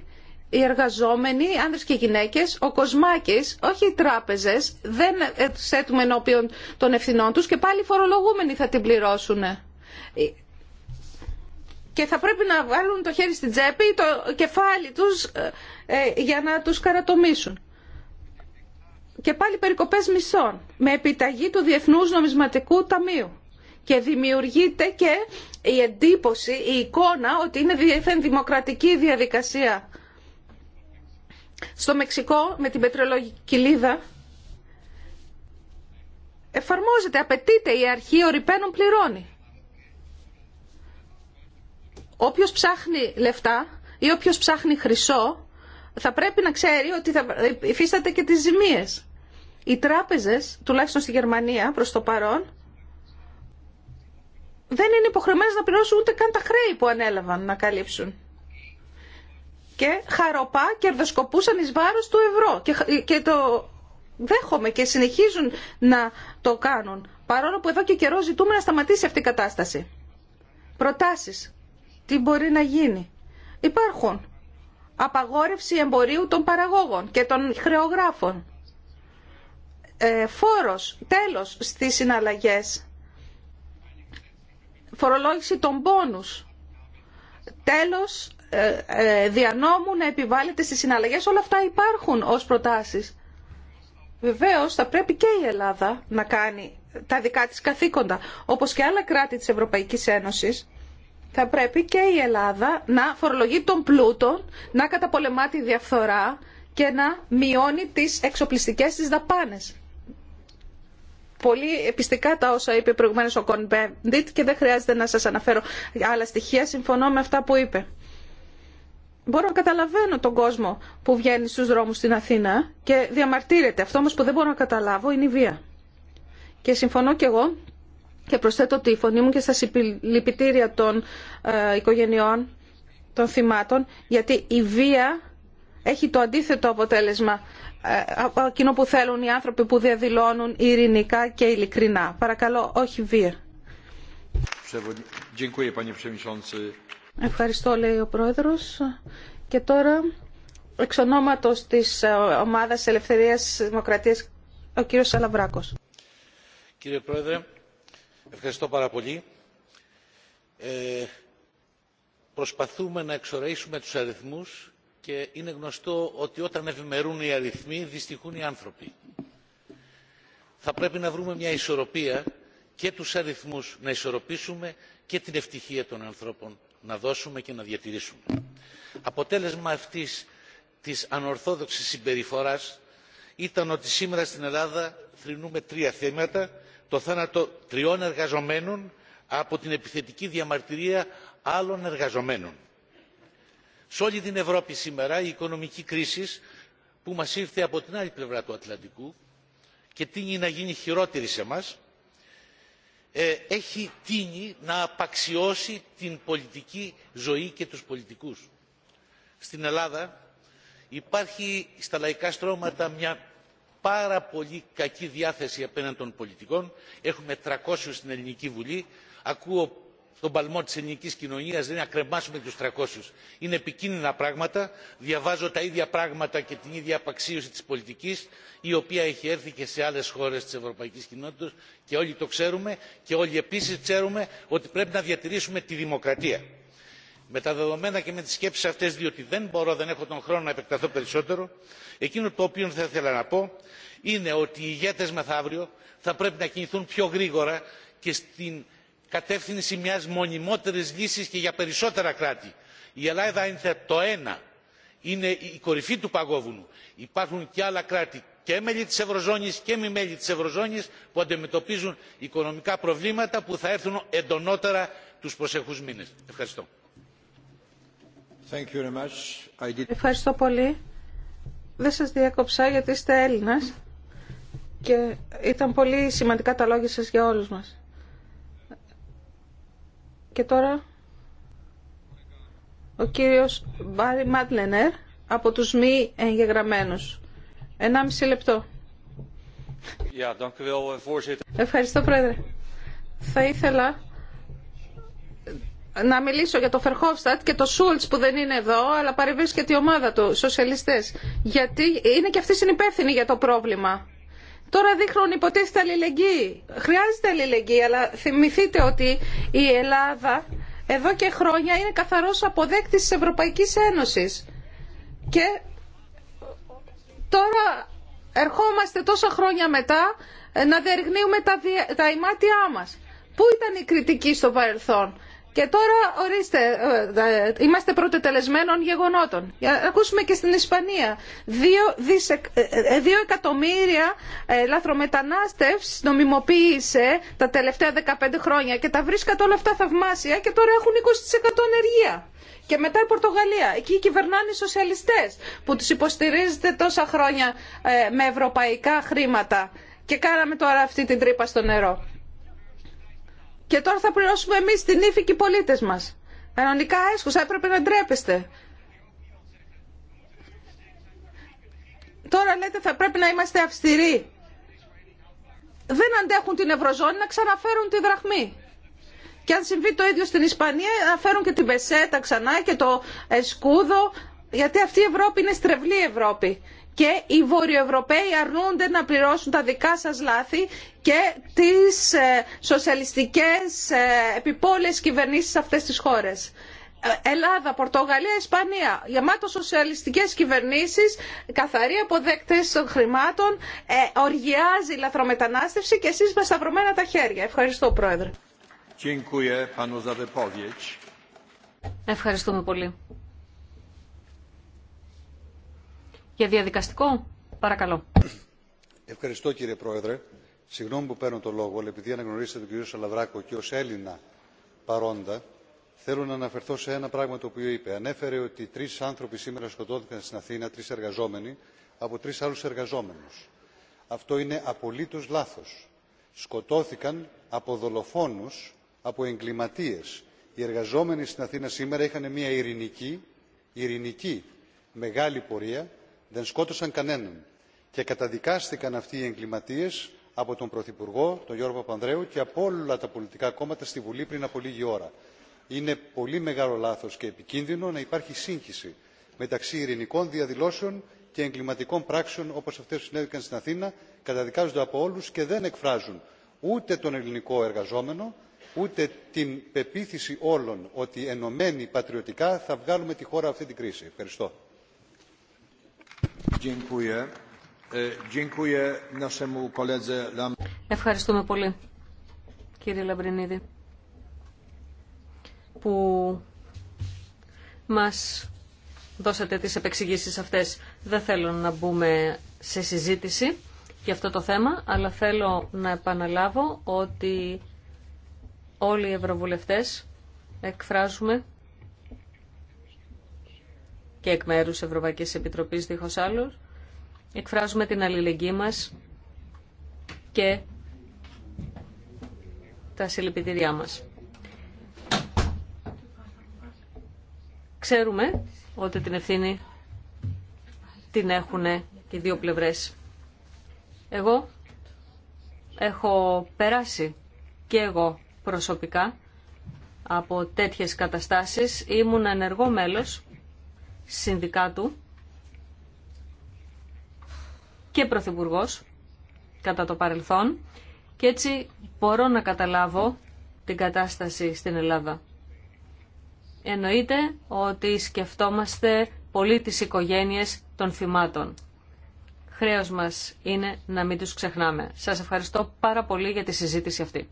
Οι εργαζόμενοι, οι άνδρες και οι γυναίκες, ο Κοσμάκης, όχι οι τράπεζες, δεν θέτουμε ενώπιον των ευθυνών τους και πάλι οι φορολογούμενοι θα την πληρώσουν. Και θα πρέπει να βάλουν το χέρι στην τσέπη, το κεφάλι τους, ε, για να τους καρατομήσουν. Και πάλι περικοπές μισών, με επιταγή του Διεθνούς Νομισματικού Ταμείου. Και δημιουργείται και η εντύπωση, η εικόνα ότι είναι δημοκρατική διαδικασία. Στο Μεξικό με την πετρελογική κοιλίδα εφαρμόζεται, απαιτείται η αρχή ορυπαίνων πληρώνει. Όποιος ψάχνει λεφτά ή όποιος ψάχνει χρυσό θα πρέπει να ξέρει ότι θα υφίσταται και τις ζημίες. Οι τράπεζες, τουλάχιστον στη Γερμανία προς το παρόν, δεν είναι υποχρεωμένες να πληρώσουν ούτε καν τα χρέη που ανέλαβαν να καλύψουν. Και χαροπά κερδοσκοπούσαν εις βάρος του ευρώ. Και, και το δέχομαι και συνεχίζουν να το κάνουν. Παρόλο που εδώ και καιρό ζητούμε να σταματήσει αυτή η κατάσταση. Προτάσεις. Τι μπορεί να γίνει. Υπάρχουν. Απαγόρευση εμπορίου των παραγόγων και των χρεογράφων. Ε, φόρος, τέλος στις συναλλαγές φορολόγηση των πόνους. Τέλος, ε, ε, διανόμου να επιβάλλεται στις συναλλαγές. Όλα αυτά υπάρχουν ως προτάσεις. Βεβαίως θα πρέπει και η Ελλάδα να κάνει τα δικά της καθήκοντα. Όπως και άλλα κράτη της Ευρωπαϊκής Ένωσης θα πρέπει και η Ελλάδα να φορολογεί τον πλούτο, να καταπολεμά τη διαφθορά και να μειώνει τις εξοπλιστικές της δαπάνες πολύ επιστικά τα όσα είπε προηγουμένως ο Κον Μπέντιτ και δεν χρειάζεται να σας αναφέρω άλλα στοιχεία. Συμφωνώ με αυτά που είπε. Μπορώ να καταλαβαίνω τον κόσμο που βγαίνει στους δρόμους στην Αθήνα και διαμαρτύρεται. Αυτό όμως που δεν μπορώ να καταλάβω είναι η βία. Και συμφωνώ κι εγώ και προσθέτω τη φωνή μου και στα συλληπιτήρια των ε, οικογενειών των θυμάτων γιατί η βία έχει το αντίθετο αποτέλεσμα ε, από εκείνο που θέλουν οι άνθρωποι που διαδηλώνουν ειρηνικά και ειλικρινά. Παρακαλώ, όχι βία. Ευχαριστώ, λέει ο Πρόεδρος. Και τώρα, εξ ονόματος της ε, Ομάδας Ελευθερίας Δημοκρατίας, ο κύριος Σαλαβράκος.
Κύριε Πρόεδρε, ευχαριστώ πάρα πολύ. Ε, προσπαθούμε να εξορίσουμε τους αριθμούς και είναι γνωστό ότι όταν ευημερούν οι αριθμοί δυστυχούν οι άνθρωποι. Θα πρέπει να βρούμε μια ισορροπία και τους αριθμούς να ισορροπήσουμε και την ευτυχία των ανθρώπων να δώσουμε και να διατηρήσουμε. Αποτέλεσμα αυτής της ανορθόδοξης συμπεριφοράς ήταν ότι σήμερα στην Ελλάδα θρυνούμε τρία θέματα το θάνατο τριών εργαζομένων από την επιθετική διαμαρτυρία άλλων εργαζομένων σε όλη την ευρώπη σήμερα η οικονομική κρίση που μας ήρθε από την άλλη πλευρά του ατλαντικού και τίνει να γίνει χειρότερη σε μας ε, έχει τίνει να απαξιώσει την πολιτική ζωή και τους πολιτικούς. Στην Ελλάδα υπάρχει στα λαϊκά στρώματα μια πάρα πολύ κακή διάθεση απέναντι των πολιτικών. Έχουμε 300 στην Ελληνική Βουλή. Ακούω στον παλμό της ελληνικής κοινωνίας δεν δηλαδή είναι να κρεμάσουμε τους 300. Είναι επικίνδυνα πράγματα. Διαβάζω τα ίδια πράγματα και την ίδια απαξίωση της πολιτικής η οποία έχει έρθει και σε άλλες χώρες της Ευρωπαϊκής Κοινότητας και όλοι το ξέρουμε και όλοι επίσης ξέρουμε ότι πρέπει να διατηρήσουμε τη δημοκρατία. Με τα δεδομένα και με τις σκέψεις αυτές, διότι δεν μπορώ, δεν έχω τον χρόνο να επεκταθώ περισσότερο, εκείνο το οποίο θα ήθελα να πω είναι ότι οι ηγέτες μεθαύριο θα πρέπει να κινηθούν πιο γρήγορα και στην κατεύθυνση μιας μονιμότερης λύσης και για περισσότερα κράτη. Η Ελλάδα είναι το ένα. Είναι η κορυφή του παγόβουνου. Υπάρχουν και άλλα κράτη και μέλη της Ευρωζώνης και μη μέλη της Ευρωζώνης που αντιμετωπίζουν οικονομικά προβλήματα που θα έρθουν εντονότερα τους προσεχούς μήνες. Ευχαριστώ.
Thank you very much.
Ευχαριστώ πολύ. Δεν σας διάκοψα γιατί είστε Έλληνας και ήταν πολύ σημαντικά τα λόγια σας για όλους μας. Και τώρα ο κύριος Μπάρι Μάτλενερ από τους μη εγγεγραμμένους. 1,5 λεπτό.
Eh,
Ευχαριστώ Πρόεδρε. Θα ήθελα να μιλήσω για το Φερχόφστατ και το Σούλτς που δεν είναι εδώ, αλλά παρεμβρίσκεται η ομάδα του, σοσιαλιστές. Γιατί είναι και αυτοί συνυπεύθυνοι για το πρόβλημα. Τώρα δείχνουν υποτίθεται αλληλεγγύη. Χρειάζεται αλληλεγγύη, αλλά θυμηθείτε ότι η Ελλάδα εδώ και χρόνια είναι καθαρός αποδέκτης της Ευρωπαϊκής Ένωσης. Και τώρα ερχόμαστε τόσα χρόνια μετά να διεργνύουμε τα, τα ημάτια μας. Πού ήταν η κριτική στο παρελθόν. Και τώρα, ορίστε, ε, ε, είμαστε πρωτετελεσμένων γεγονότων. Ακούσουμε και στην Ισπανία. Δύο, ε, εκατομμύρια λάθρομετανάστευση νομιμοποίησε τα τελευταία 15 χρόνια και τα βρίσκατε όλα αυτά θαυμάσια και τώρα έχουν 20% ενεργεία. Και μετά η Πορτογαλία. Εκεί κυβερνάνε οι σοσιαλιστέ που τους υποστηρίζετε τόσα χρόνια με ευρωπαϊκά χρήματα. Και κάναμε τώρα αυτή την τρύπα στο νερό και τώρα θα πληρώσουμε εμείς την ύφη και οι πολίτες μας. Κανονικά έσχο, έπρεπε να ντρέπεστε. Τώρα λέτε θα πρέπει να είμαστε αυστηροί. Δεν αντέχουν την Ευρωζώνη να ξαναφέρουν τη δραχμή. Και αν συμβεί το ίδιο στην Ισπανία, να φέρουν και την πεσέτα ξανά και το εσκούδο γιατί αυτή η Ευρώπη είναι στρεβλή Ευρώπη και οι Βορειοευρωπαίοι αρνούνται να πληρώσουν τα δικά σας λάθη και τις ε, σοσιαλιστικές ε, επιπόλαιες κυβερνήσεις σε αυτές τις χώρες. Ε, Ελλάδα, Πορτογαλία, Ισπανία, γεμάτο σοσιαλιστικές κυβερνήσεις, καθαροί αποδέκτες των χρημάτων, ε, οργιάζει η λαθρομετανάστευση και εσείς με σταυρωμένα τα χέρια. Ευχαριστώ, Πρόεδρε.
Ευχαριστούμε πολύ. Για διαδικαστικό, παρακαλώ.
Ευχαριστώ κύριε Πρόεδρε. Συγγνώμη που παίρνω το λόγο, αλλά επειδή αναγνωρίσατε τον κύριο Σαλαβράκο και ω Έλληνα παρόντα, θέλω να αναφερθώ σε ένα πράγμα το οποίο είπε. Ανέφερε ότι τρει άνθρωποι σήμερα σκοτώθηκαν στην Αθήνα, τρει εργαζόμενοι, από τρει άλλου εργαζόμενου. Αυτό είναι απολύτω λάθο. Σκοτώθηκαν από δολοφόνου, από εγκληματίε. Οι εργαζόμενοι στην Αθήνα σήμερα είχαν μια ειρηνική, ειρηνική μεγάλη πορεία δεν σκότωσαν κανέναν και καταδικάστηκαν αυτοί οι εγκληματίες από τον πρωθυπουργό τον γιώργο παπανδρέου και από όλα τα πολιτικά κόμματα στη βουλή πριν από λίγη ώρα. είναι πολύ μεγάλο λάθος και επικίνδυνο να υπάρχει σύγχυση μεταξύ ειρηνικών διαδηλώσεων και εγκληματικών πράξεων όπως αυτές που συνέβηκαν στην αθήνα καταδικάζονται από όλους και δεν εκφράζουν ούτε τον ελληνικό εργαζόμενο ούτε την πεποίθηση όλων ότι ενωμένοι πατριωτικά θα βγάλουμε τη χώρα από αυτή την κρίση. ευχαριστώ. E,
Ευχαριστούμε πολύ, κύριε Λαμπρινίδη, που μας δώσατε τις επεξηγήσεις αυτές. Δεν θέλω να μπούμε σε συζήτηση για αυτό το θέμα, αλλά θέλω να επαναλάβω ότι όλοι οι ευρωβουλευτές εκφράζουμε και εκ μέρου Ευρωπαϊκή Επιτροπής δίχω άλλως Εκφράζουμε την αλληλεγγύη μας και τα συλληπιτήριά μας. Ξέρουμε ότι την ευθύνη την έχουν και οι δύο πλευρές. Εγώ έχω περάσει και εγώ προσωπικά από τέτοιες καταστάσεις. Ήμουν ενεργό μέλος συνδικάτου και Πρωθυπουργό κατά το παρελθόν και έτσι μπορώ να καταλάβω την κατάσταση στην Ελλάδα. Εννοείται ότι σκεφτόμαστε πολύ τις οικογένειες των θυμάτων. Χρέος μας είναι να μην τους ξεχνάμε. Σας ευχαριστώ πάρα πολύ για τη συζήτηση αυτή.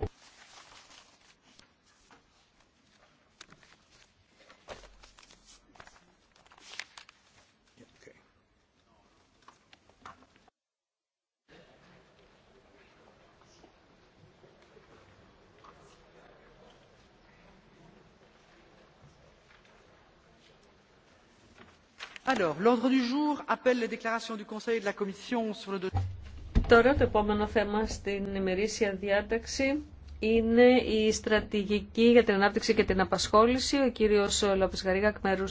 Τώρα το επόμενο θέμα στην ημερήσια διάταξη είναι η στρατηγική για την ανάπτυξη και την απασχόληση. Ο κύριος Λόπες Γαρίγα, εκ